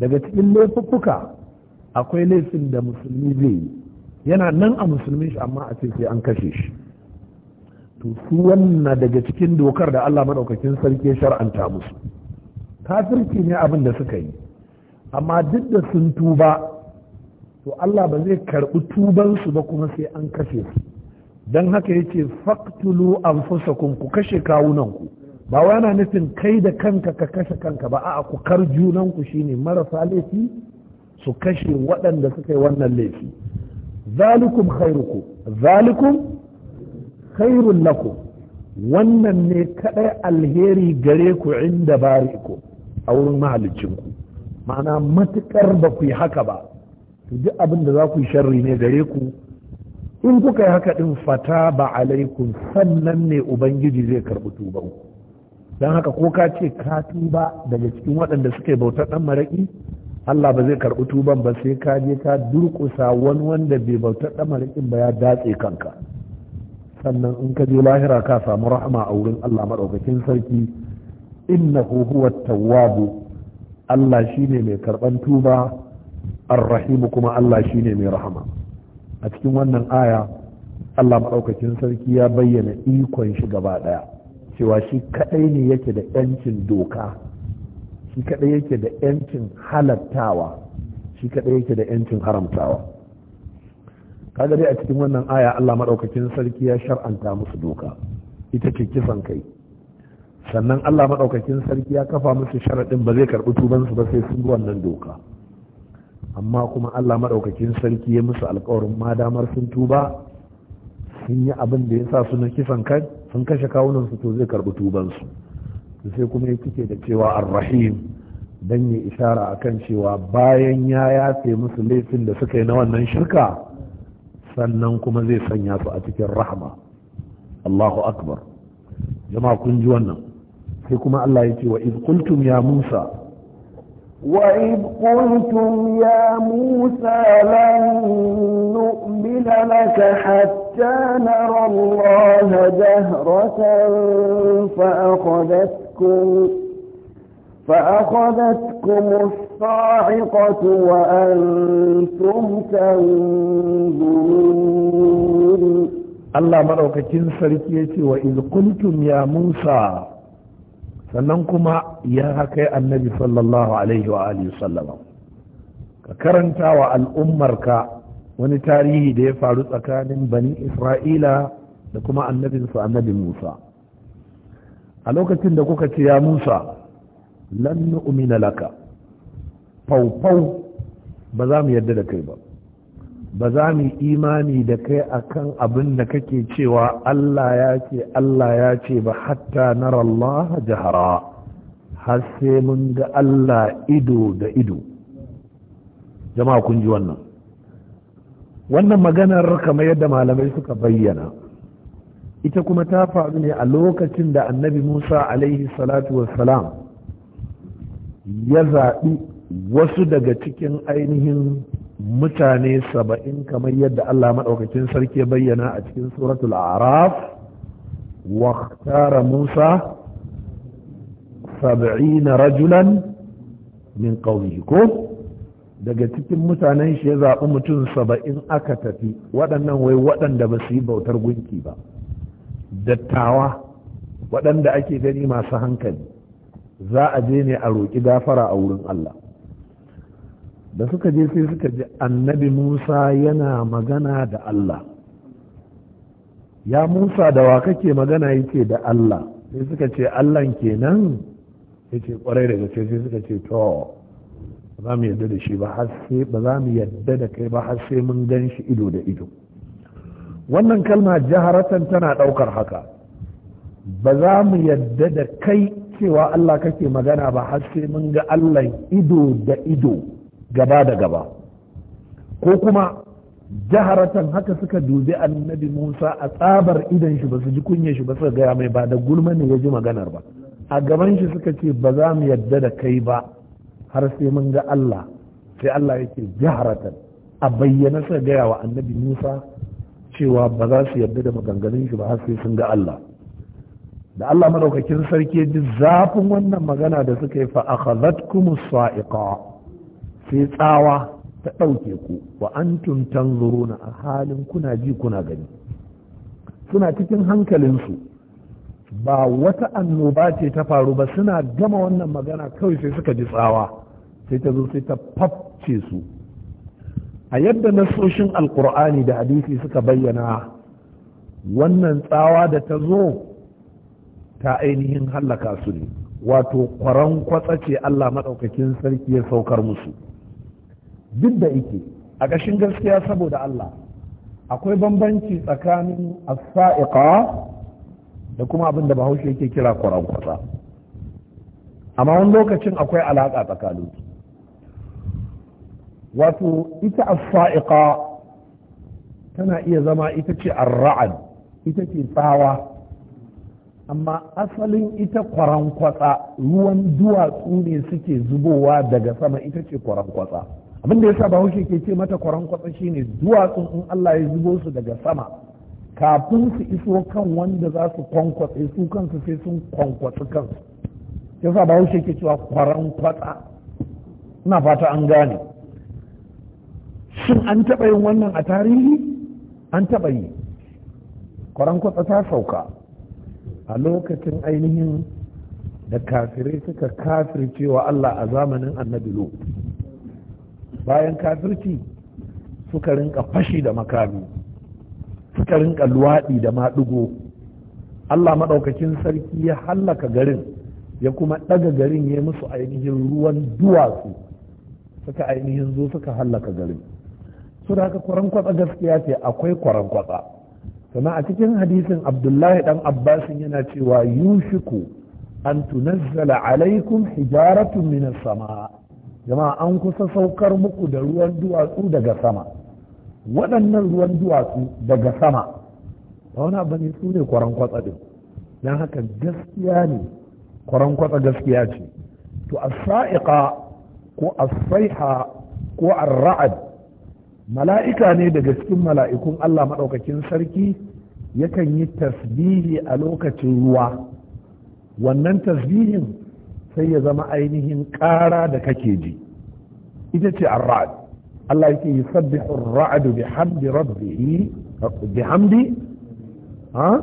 daga cikin laifuka akwai laifin da musulmi zai yi yana nan a musulmi shi amma a ce sai an kashe shi to su wannan daga cikin dokar da allah maɗaukakin sarki shar'anta musu kafirci ne abin da suka yi amma duk da sun tuba to allah ba zai karɓi tubansu ba kuma sai an kashe su don haka yace faktulu anfusakum ku kashe kawunanku ba wai ana nufin kai da kanka ka kashe kanka ba a'a ku kar junanku shine marasa laifi su kashe waɗanda suka yi wannan laifi zalikum khairukum zalikum khairul lakum wannan ne kaɗai alheri gare ku inda bariku a wurin ku. ma'ana matukar ba ku yi haka ba duk abin da za ku yi sharri ne gare ku in kuka yi haka ɗin fata ba alaikum sannan ne ubangiji zai karɓi tuban don haka ko ka ce ka tuba daga cikin waɗanda suke bautar ɗan maraƙi Allah ba zai karɓi tuba ba sai ka je ka durƙusa wani wanda bai bautar ɗan maraƙin ba ya datse kanka sannan in ka je lahira ka samu rahama a wurin Allah maɗaukakin sarki inna huwa tawwabu Allah shine mai karɓan tuba arrahimu kuma Allah shine mai rahama a cikin wannan aya Allah maɗaukakin sarki ya bayyana ikon shi gaba ɗaya cewa shi kaɗai ne yake da 'yancin doka shi kaɗai yake da 'yancin halattawa shi kaɗai yake da 'yancin haramtawa kaga dai a cikin wannan aya Allah maɗaukakin sarki ya shar'anta musu doka ita ce kisan kai sannan Allah maɗaukakin sarki ya kafa musu sharaɗin ba zai karɓi tubansu ba sai sun bi wannan doka. amma kuma Allah maɗaukakin sarki ya musu alkawarin ma damar sun tuba sun yi abin da ya sa su na kisan kai sun kashe kawunan su to zai karɓi su sai kuma ya kike da cewa arrahim dan ya ishara akan cewa bayan ya yafe musu laifin da suka yi na wannan shirka sannan kuma zai sanya su a cikin rahama Allahu akbar jama'a kun ji wannan sai kuma Allah ya ce wa iz qultum ya Musa وإذ قلتم يا موسى لن نؤمن لك حتى نرى الله جهرة فأخذتكم فأخذتكم الصاعقة وأنتم تنظرون الله مروك كن سركيتي وإذ قلتم يا موسى sannan kuma ya kai annabi sallallahu alaihi wa alihi sallama ka karanta wa al'ummarka wani tarihi da ya faru tsakanin bani isra'ila da kuma annabinsu annabi musa a lokacin da kuka ce ya musa lannu nu'mina laka faufau ba za mu yarda da kai ba ba za mu imani da kai a kan abin da kake cewa Allah ya ce Allah ya ce ba hatta na Allah jahara har sai mun ga Allah ido da ido jama'a kun ji wannan wannan maganar kamar yadda malamai suka bayyana ita kuma ta faru ne a lokacin da annabi musa alaihi salatu wassalam ya zaɓi wasu daga cikin ainihin mutane saba'in kamar yadda Allah maɗaukacin sarki ya bayyana a cikin suratul araf wa musa saba'ina rajulan min ƙaunihi ko daga cikin mutanen shi ya zaɓi mutum saba'in aka tafi waɗannan wai waɗanda ba su yi bautar gunki ba dattawa waɗanda ake gani masu hankali za a je ne a roƙi gafara a wurin Allah da suka je sai suka ji annabi musa yana magana da allah ya musa da wa kake magana yake da allah sai suka ce Allah kenan ya ce kwarai da gaske sai suka ce to ba za mu yadda da shi ba har sai ba za mu yadda da kai ba har sai mun gan shi ido da ido wannan kalma jaharatan tana ɗaukar haka ba za mu yadda da kai cewa Allah kake magana ba har sai mun ga Allah ido da ido gaba da gaba ko kuma jaharatan haka suka dubi annabi musa a tsabar idan shi ba su ji kunya shi ba suka gaya mai ba da gulma ne ya ji maganar ba a gaban shi suka ce ba za mu yadda da kai ba har sai mun ga allah sai allah yake jaharatan a bayyana suka gaya wa annabi musa cewa ba za su yarda da maganganun shi ba har sai sun ga Allah da Allah maɗaukakin sarki ji zafin wannan magana da suka yi fa akhadhatkum sa'iqa sai tsawa ta ɗauke ku wa antum na a halin kuna ji kuna gani suna cikin hankalinsu ba wata annoba ce ta faru ba suna gama wannan magana kawai sai suka ji tsawa sai ta zo sai ta fafce su a yadda nasoshin alkur'ani da hadisi suka bayyana wannan tsawa da ta zo ta ainihin hallaka su ne wato kwaran kwatsa ce allah maɗaukakin sarki ya saukar musu duk da yake a ƙashin gaskiya saboda Allah akwai bambanci tsakanin asfa’iƙa da kuma abin da bahaushe yake kira kwarankwasa amma wani lokacin akwai alaƙa tsakanin wato ita asfa’iƙa tana iya zama ita ce arra'ad ita ce tsawa amma asalin ita kwarankwasa ruwan duwatsu ne suke zubowa daga sama ita ce kwarankwasa abin da ya yasa bahaushe ke ce mata kwaran kwatsa shine duwatsun in Allah ya zubo su daga sama kafin su iso kan wanda za su kwankwatsa su kansu sai sun kwankwatsu kansu ya sa bahaushe ke cewa kwaran kwatsa ina fata an gane shin an taɓa yin wannan a tarihi an taɓa yi kwaran kwatsa ta sauka a lokacin ainihin da kafirai suka kafircewa Allah a zamanin annabi Lut bayan kafirci suka rinka fashi da makami suka rinka luwaɗi da maɗigo Allah maɗaukacin sarki ya hallaka garin ya kuma ɗaga garin ya yi musu ainihin ruwan duwatsu suka ainihin zo suka hallaka garin su da haka kwarankwatsa gaskiya ce akwai kwarankwatsa sannan a cikin hadisin abdullahi ɗan abbasin yana cewa yushiku an tunazzala alaikum hijaratun minas sama jama'a an kusa saukar muku da ruwan duwatsu daga sama waɗannan ruwan duwatsu daga sama ba wani abu ne su ne kwaran kwatsa din don haka gaskiya ne kwaran kwatsa gaskiya ce to a sa'iƙa ko a saiha ko a raad mala'ika ne daga cikin mala'ikun Allah maɗaukakin sarki yakan yi tasbihi a lokacin ruwa wannan tasbihin sai ya zama ainihin ƙara da kake ji ita ce arra'ad Allah yake yusabbihu ar-ra'du bihamdi rabbih bihamdi ha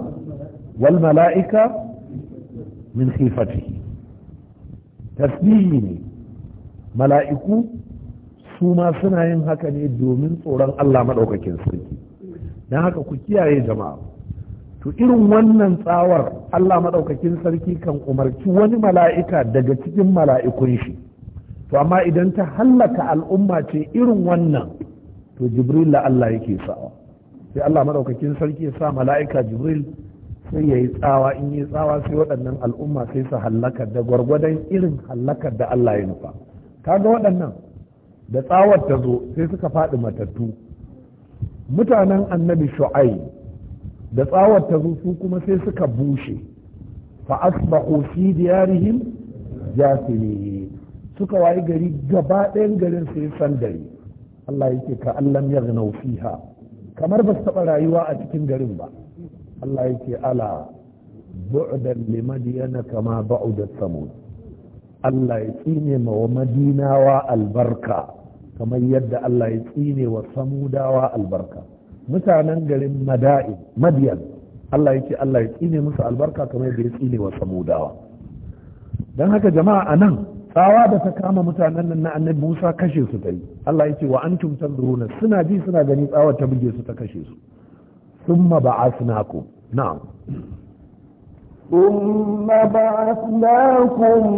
wal mala'ika min khifatihi tasbihi ne mala'iku su ma suna yin haka ne domin tsoron Allah madaukakin sarki dan haka ku kiyaye jama'a to irin wannan tsawar Allah maɗaukakin sarki kan umarci wani mala'ika daga cikin mala'ikun shi to amma idan ta hallaka al'umma ce irin wannan to jibril la Allah yake sawa sai Allah maɗaukakin sarki ya sa mala'ika jibril sai ya yi tsawa in yi tsawa sai waɗannan al'umma sai su hallaka da gwargwadon irin hallakar da Allah ya nufa kaga waɗannan da tsawar ta zo sai suka faɗi matattu mutanen annabi shu'ai da tsawar ta su kuma sai suka bushe fa asbahu fi diyarihim jasimi suka wayi gari gaba ɗayan garin sai san gari. Allah yake ka allam yaghnaw fiha kamar ba su taɓa rayuwa a cikin garin ba Allah yake ala bu'dan li madiyana kama ba'udat samud Allah ya tsine ma wa madinawa albarka kamar yadda Allah ya tsine wa samudawa albarka mutanen garin madain madiyan Allah yake Allah ya tsine musu albarka kamar yadda ya tsine wa samudawa dan haka jama'a a nan, tsawa da ta kama mutanen nan na annabi Musa kashe su tayi Allah yake wa antum tanzuruna suna ji suna gani tsawa ta buge su ta kashe su Sun summa ba'asnakum na'am ثم بعثناكم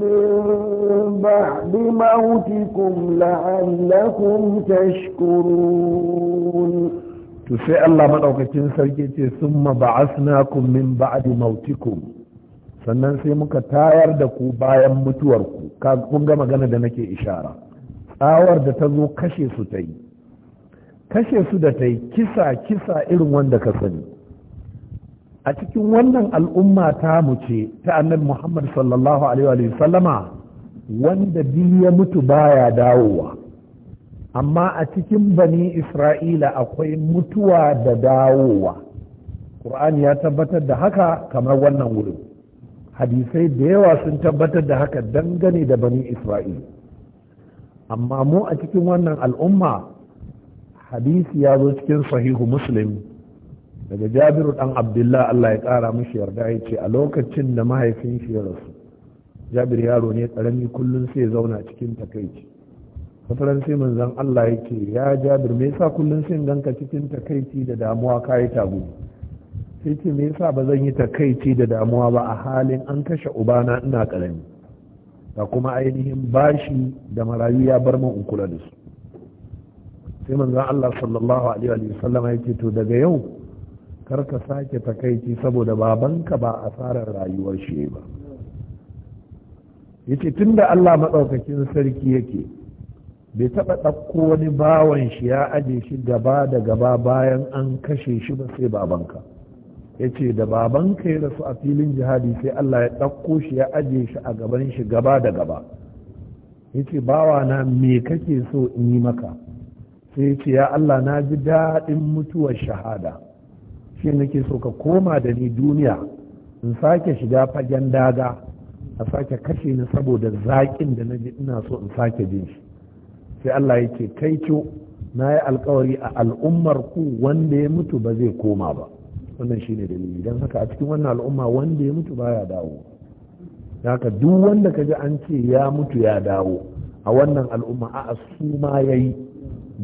من بعد موتكم لعلكم تشكرون تسي الله Allah maɗaukakin sarki ce بعثناكم من min موتكم sannan sai muka tayar da ku bayan mutuwarku kun ga magana da nake ishara tsawar da ta zo kashe su ta yi kashe su da ta yi kisa kisa irin wanda ka sani a cikin wannan al'umma ta mu ce ta annabi Muhammad sallallahu alaihi wa sallama wanda biyu ya mutu baya dawowa amma a cikin bani Isra'ila akwai mutuwa da dawowa Qur'ani ya tabbatar da haka kamar wannan wurin hadisai da yawa sun tabbatar da haka dangane da bani Isra'ila amma mu a cikin wannan al'umma hadisi ya zo cikin sahihu muslim daga jabiru dan abdullah allah ya kara mishi yarda ya ce a lokacin da mahaifin shi ya rasu jabir yaro ne karami kullum sai zauna cikin takaici wataran sai manzon allah ya ce ya jabir me yasa kullum sai ganka cikin takaici da damuwa yi tagu sai ce me yasa ba zan yi takaici da damuwa ba a halin an kashe ubana ina karami da kuma ainihin bashi da marayu ya bar min in kula da su sai manzon Allah sallallahu alaihi wa sallam ya ce to daga yau kar ka sake takaici saboda babanka ba asarar rayuwar shi ba tun da Allah maɗaukakin sarki yake bai taɓa ɗauko wani bawan shi ya aje shi gaba da gaba bayan an kashe shi ba sai babanka Ya ce da babanka ya rasu a filin jihadi sai Allah ya ɗauko shi ya aje shi a gaban shi gaba da gaba yace bawa na me kake so in yi maka sai yace ya Allah na ji daɗin mutuwar shahada shi nake so ka koma da ni duniya in sake shiga fagen daga a sake kashe ni saboda zaƙin da na ji ina so in sake jin shi sai Allah ya ce kai co na yi alkawari a al'ummar ku wanda ya mutu ba zai koma ba wannan shi ne dalili don haka a cikin wannan al'umma wanda ya mutu baya dawo haka duk wanda ka ji an ce ya mutu ya dawo a wannan al'umma a'a su ma ya yi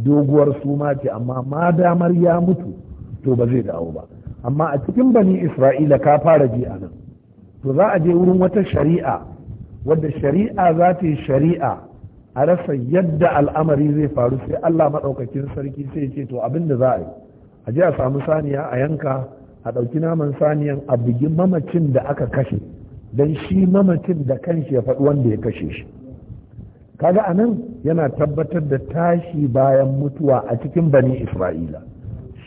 doguwar su ma ce amma ma damar ya mutu to ba zai dawo ba amma a cikin bani isra'ila ka fara ji a nan to za a je wurin wata shari'a wadda shari'a za ta yi shari'a a rasa yadda al'amari zai faru sai allah maɗaukakin sarki sai ya ce to abin da za a yi a je a samu saniya a yanka a ɗauki naman saniyan a bugi mamacin da aka kashe don shi mamacin da kan shi ya faɗi wanda ya kashe shi kaga anan yana tabbatar da tashi bayan mutuwa a cikin bani isra'ila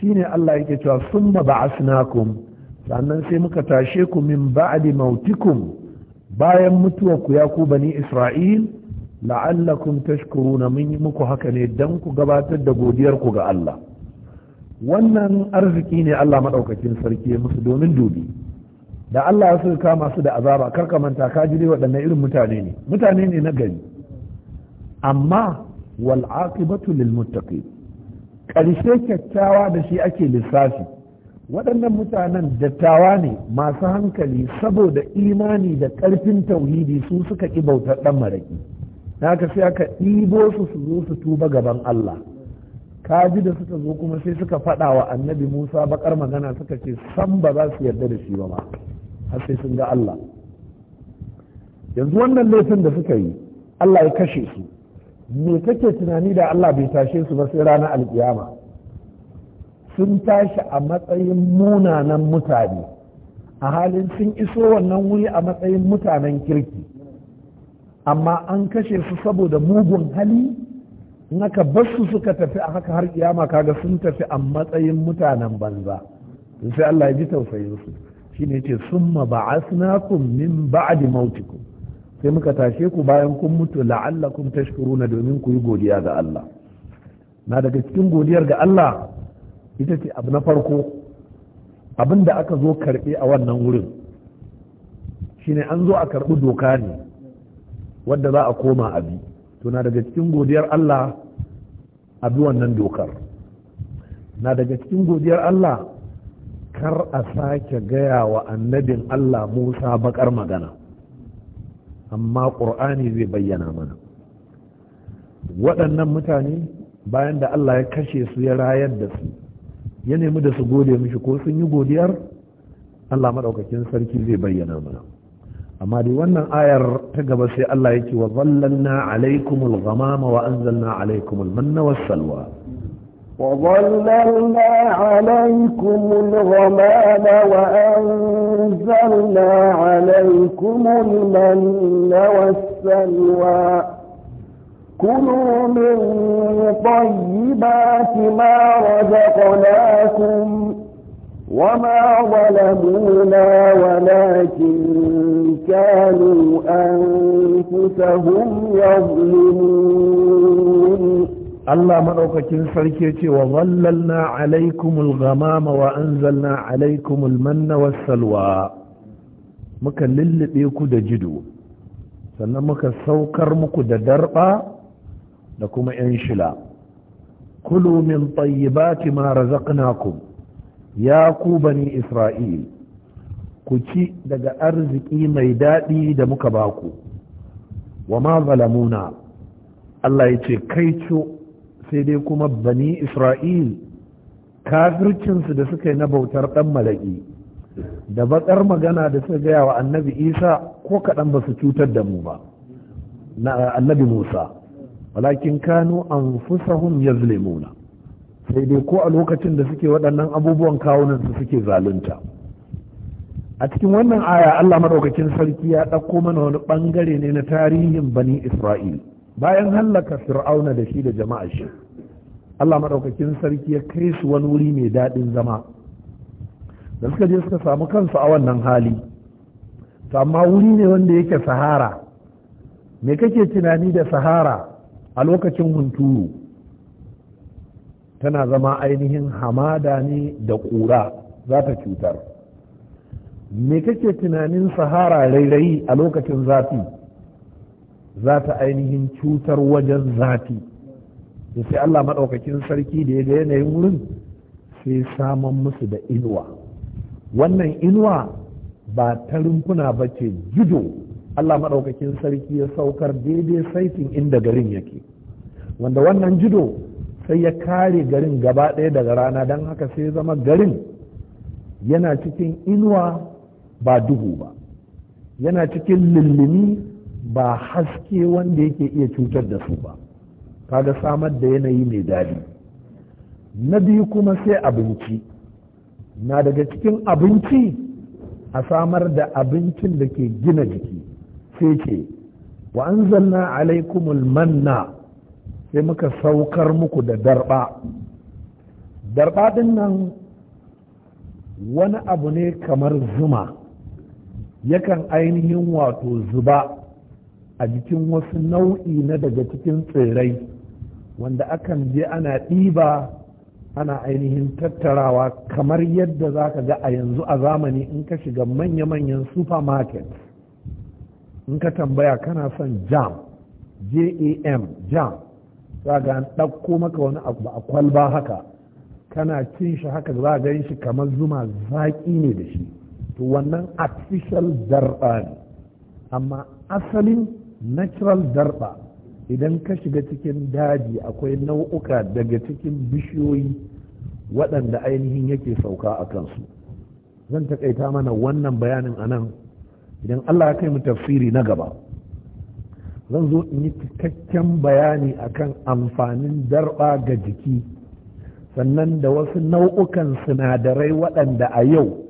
shine Allah yake cewa summa ba'asnakum sannan sai muka tashe ku min ba'di mautikum bayan mutuwa ku ya ku bani Isra'il la'allakum tashkuruna mun muku haka ne dan ku gabatar da godiyar ku ga Allah wannan arziki ne Allah madaukakin sarki musu domin dubi da Allah ya suka kama su da azaba kar ka manta ka jire waɗannan irin mutane ne mutane ne na gari amma wal aqibatu lil muttaqin ƙarshe kyakkyawa da shi ake lissafi waɗannan mutanen dattawa ne masu hankali saboda imani da ƙarfin tauhidi su suka ƙi bautar ɗan maraƙi na ka sai aka ɗibo su su zo su tuba gaban Allah ka ji da suka zo kuma sai suka faɗa wa annabi musa baƙar magana suka ce san ba za su yarda da shi ba ma har sai sun ga Allah yanzu wannan laifin da suka yi Allah ya kashe su me kake tunani da Allah bai tashe su ba sai ranar alkiyama sun tashi a matsayin munanan mutane a halin sun iso wannan wuri a matsayin mutanen kirki amma an kashe su saboda mugun hali naka ka basu suka tafi a haka har kiyama kaga sun tafi a matsayin mutanen banza sai Allah ya ji tausayin su shine ce summa ba'asnakum min ba'di mautikum sai muka tashe ku bayan kun mutu la'allakum tashkuruna domin ku yi godiya ga Allah na daga cikin godiyar ga Allah ita ce abu na farko abin da aka zo karbe a wannan wurin shine an zo a karbi doka ne wadda za a koma abi to na daga cikin godiyar Allah abi wannan dokar na daga cikin godiyar Allah kar a sake gaya wa annabin Allah Musa bakar magana amma ƙur'ani zai bayyana mana waɗannan mutane bayan da Allah ya kashe su ya rayar da su ya nemi da su gode mishi ko sun yi godiyar Allah maɗaukakin sarki zai bayyana mana amma dai wannan ayar ta gaba sai Allah yake wa zallanna alaikumul ghamama wa anzalna alaikumul manna was salwa وظللنا عليكم الغمام وأنزلنا عليكم المن والسلوى كلوا من طيبات ما رزقناكم وما ظلمونا ولكن كانوا أنفسهم يظلمون Allah maɗaukakin sarki ce wa zallalna alaikumul ghamama wa anzalna alaikumul manna muka lullube ku da jido sannan muka saukar muku da darba da kuma yan shila kulu min tayyibati ma razaqnakum ya ku bani isra'il ku ci daga arziki mai daɗi da muka baku wa ma zalamuna Allah ya ce kai sai dai kuma bani isra'il kafircinsu da suka yi na bautar ɗan malaki da batsar magana da suka gaya wa annabi isa ko kaɗan ba su cutar da mu ba na annabi musa walakin kanu an fusahun ya sai dai ko a lokacin da suke waɗannan abubuwan kawunan su suke zalunta a cikin wannan aya allah maɗaukakin sarki ya ɗauko mana wani bangare ne na tarihin bani isra'il bayan hallaka fir'auna da shi da jama'a shi Allah maɗaukakin sarki ya kai su wani wuri mai daɗin zama da suka je suka samu kansu a wannan hali to amma wuri ne wanda yake sahara me kake tunani da sahara a lokacin hunturu tana zama ainihin hamada ne da ƙura za ta cutar me kake tunanin sahara rairayi a lokacin zafi za ta ainihin cutar wajen zafi da sai Allah maɗaukakin sarki da ya ga yanayin wurin sai saman musu da inuwa wannan inuwa ba ta rumfuna ba ce gido Allah maɗaukakin sarki ya saukar daidai saitin inda garin yake wanda wannan jido sai ya kare garin gaba ɗaya daga rana don haka sai zama garin yana cikin inuwa ba duhu ba yana cikin lullumi ba haske wanda yake iya cutar da su ba kaga samar da yanayi mai daɗi na biyu kuma sai abinci na daga cikin abinci a samar da abincin da ke gina jiki sai ce wa zanna alaikumul manna sai muka saukar muku da darɓa. Darɓa din nan wani abu ne kamar zuma yakan ainihin wato zuba a jikin wasu nau'i na daga cikin tsirrai wanda akan je ana ɗiba ana ainihin tattarawa kamar yadda za ka ga a yanzu a zamani in ka shiga manya-manyan supermarket in ka tambaya kana son jam jam jam za ga an ɗauko maka wani abu a kwalba haka kana cin shi haka za ga shi kamar zuma zaƙi ne da shi to wannan artificial dar'a ne amma asalin natural darba idan ka shiga cikin daji akwai nau'uka daga cikin bishiyoyi waɗanda ainihin yake sauka a kansu zan takaita mana wannan bayanin a nan idan allah ya kai mu tafsiri na gaba zan zo in yi cikakken bayani akan amfanin darba ga jiki sannan da wasu nau'ukan sinadarai waɗanda a yau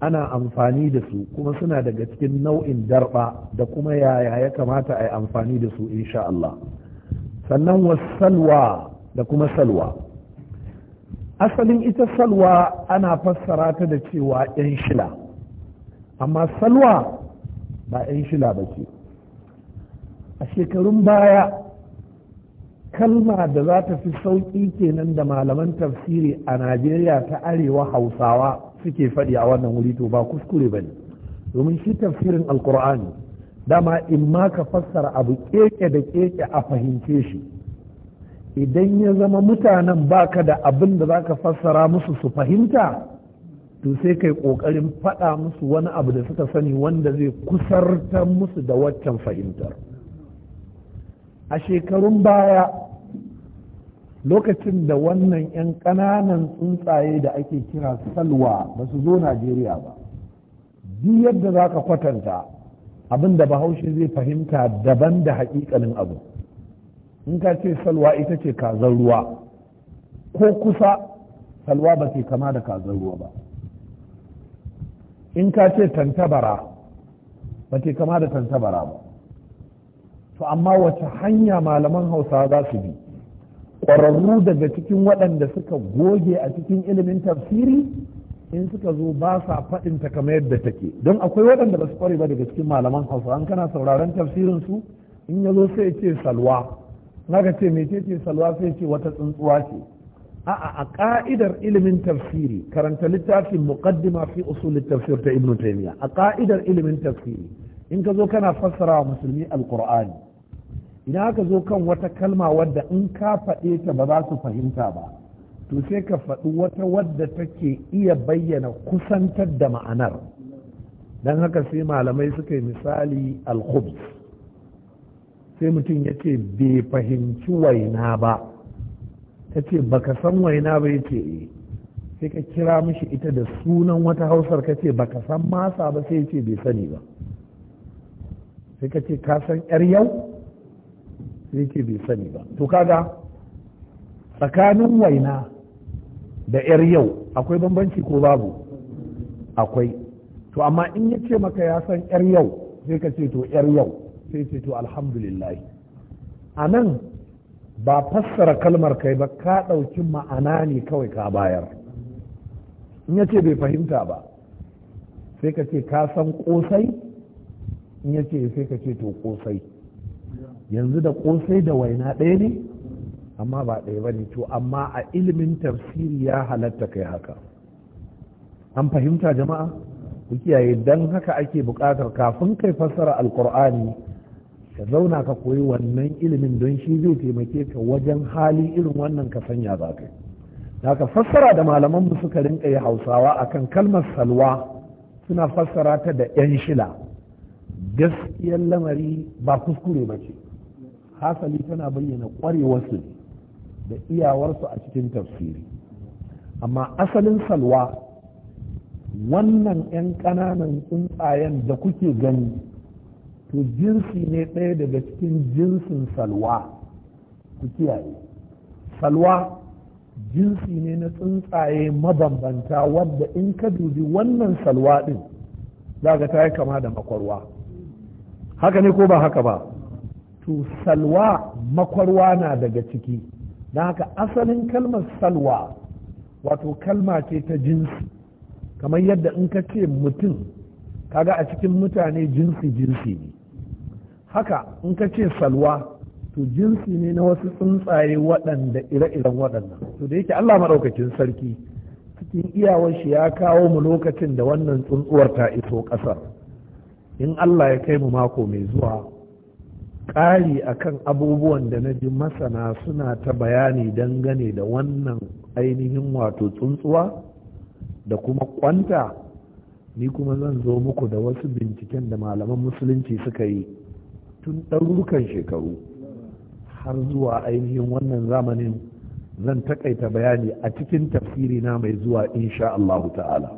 ana amfani da su kuma suna daga cikin nau'in darba da kuma yaya ya kamata a yi amfani da su insha Allah sannan salwa da kuma salwa asalin ita salwa ana fassara ta da cewa 'yan shila amma salwa ba 'yan shila ba ce a shekarun baya kalma da za ta fi sauƙi kenan da malaman tafsiri a najeriya ta arewa hausawa suke faɗi a wannan wuri to ba kuskure ba ne domin shi tafsirin alkur'ani dama in ma ka fassara abu keke da keke a fahimce shi idan ya zama mutanen baka da abin da za ka fassara musu su fahimta to sai kai kokarin faɗa musu wani abu da suka sani wanda zai kusartar musu da waccan fahimtar a shekarun baya lokacin da wannan 'yan ƙananan tsuntsaye da ake kira salwa ba su zo najeriya ba duk yadda za ka kwatanta abin da bahaushe zai fahimta daban da haƙiƙanin abu in ka ce salwa ita ce kazan ruwa ko kusa salwa ba ke kama da kazan ruwa ba in ka ce tantabara ba ke kama da tantabara ba to amma wace hanya malaman hausa za su bi ƙwararru daga cikin waɗanda suka goge a cikin ilimin tafsiri in suka zo ba sa faɗin ta kamar yadda take don akwai waɗanda ba su ƙware ba daga cikin malaman hausa an kana sauraron tafsirin su in ya zo sai ce salwa naga ce mece ce salwa sai ce wata tsuntsuwa ce a'a a ka'idar ilimin tafsiri karanta littafin muqaddima fi usul tafsir ta ibnu taymiya a ka'idar ilimin tafsiri in ka zo kana fassara wa musulmi alqur'ani idan aka zo kan wata kalma wadda in ka faɗe ta ba za su fahimta ba to sai ka faɗi wata wadda take iya bayyana kusantar da ma'anar don haka sai malamai suka yi misali alkhubs sai mutum ya ce bai fahimci waina ba ta ce baka san waina ba ya e sai ka kira mishi ita da sunan wata hausar ka ce baka san masa ba sai ya ce bai sani ba sai ka ce ka san yar yau sai ce bai sani ba to kaga tsakanin waina da yar yau akwai bambanci ko babu akwai to amma in ya ce maka ya san yar yau sai ka ce to yar yau sai ce to alhamdulillah a nan ba fassara kalmar kai ba ka ɗauki ma'ana ne kawai ka bayar in ya ce bai fahimta ba sai ka ce ka san kosai in ya ce sai ka ce to kosai. yanzu da kosai da waina ɗaya ne amma ba ɗaya ba ne to amma a ilimin tafsiri ya halatta kai haka an fahimta jama'a ku kiyaye don haka ake buƙatar kafin kai fassara alkur'ani ka zauna ka koyi wannan ilimin don shi zai taimake ka wajen hali irin wannan ka sanya za ka da ka fassara da malaman mu suka rinka yi hausawa akan kalmar salwa suna fassara ta da 'yan shila gaskiyar lamari ba kuskure ba ce hasali tana bayyana ƙwarewarsu da iyawarsu a cikin tafsiri amma asalin salwa wannan 'yan ƙananan tsuntsayen da kuke gani to jinsi ne ɗaya daga cikin jinsin salwa ku kiyaye salwa jinsi ne na tsuntsaye mabambanta wadda in ka dubi wannan salwa ɗin za ka ta yi kama da makwarwa haka ne ko ba haka ba to salwa makwarwa na daga ciki don haka asalin kalmar salwa wato kalma ce ta jinsi kamar yadda in ka ce mutum kaga a cikin mutane jinsi jinsi ne haka in ka ce salwa to jinsi ne na wasu tsuntsaye waɗanda ire-iren waɗannan to da yake Allah maɗaukacin sarki cikin iyawar shi ya kawo mu lokacin da wannan tsuntsuwar ta iso ƙasar in Allah ya kai mu mako mai zuwa ƙari akan abubuwan da na ji masana suna ta bayani dangane da wannan ainihin wato tsuntsuwa da kuma kwanta ni kuma zan zo muku da wasu binciken da malaman musulunci suka yi tun ɗarurukan shekaru har zuwa ainihin wannan zamanin zan takaita bayani a cikin tafsiri na mai zuwa insha Allah ta'ala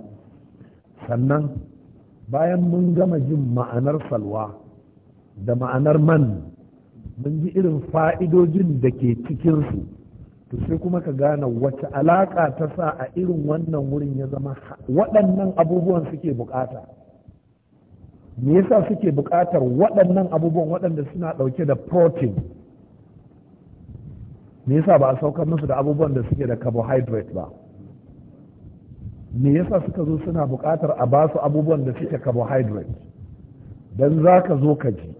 sannan bayan mun gama jin ma'anar salwa da ma'anar man mun ji irin fa'idojin da ke cikinsu to sai kuma ka gane wace alaƙa ta sa a irin wannan wurin ya zama waɗannan abubuwan suke bukata me yasa suke buƙatar waɗannan abubuwan waɗanda suna ɗauke da protein me yasa ba a saukar musu da abubuwan da suke da carbohydrate ba me yasa suka zo suna buƙatar a basu abubuwan da suke carbohydrate don za ka zo ka ji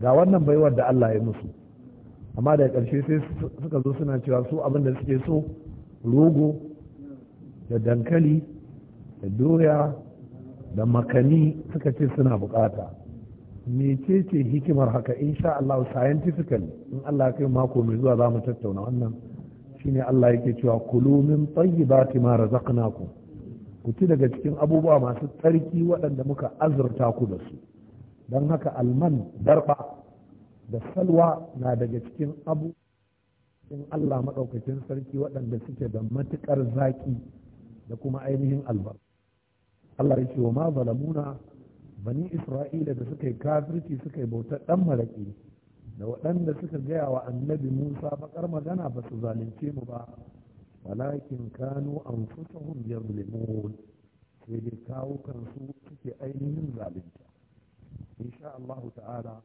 ga wannan baiwar da Allah ya musu amma da ƙarshe sai suka zo suna cewa su abin da suke so rogo da dankali da doya da makani suka ce suna bukata mece ce hikimar haka in sha Allah scientifically in Allah ya kai mako mai zuwa za mu tattauna wannan shine Allah yake cewa kulu min tayyibati ma razaqnakum ku ci daga cikin abubuwa masu tsarki waɗanda muka azurta ku da su don haka alman darba da salwa na daga cikin abu in Allah maɗaukakin sarki waɗanda suke da matuƙar zaƙi da kuma ainihin albar Allah ya ce wa ma zalamuna bani isra'ila da suka yi kafirci suka yi bautar ɗan maraƙi da waɗanda suka gaya wa annabi musa baƙar magana ba su zalunce mu ba walakin kanu anfusahum yazlimun sai dai kawo kansu suke ainihin zalunta إن شاء الله تعالى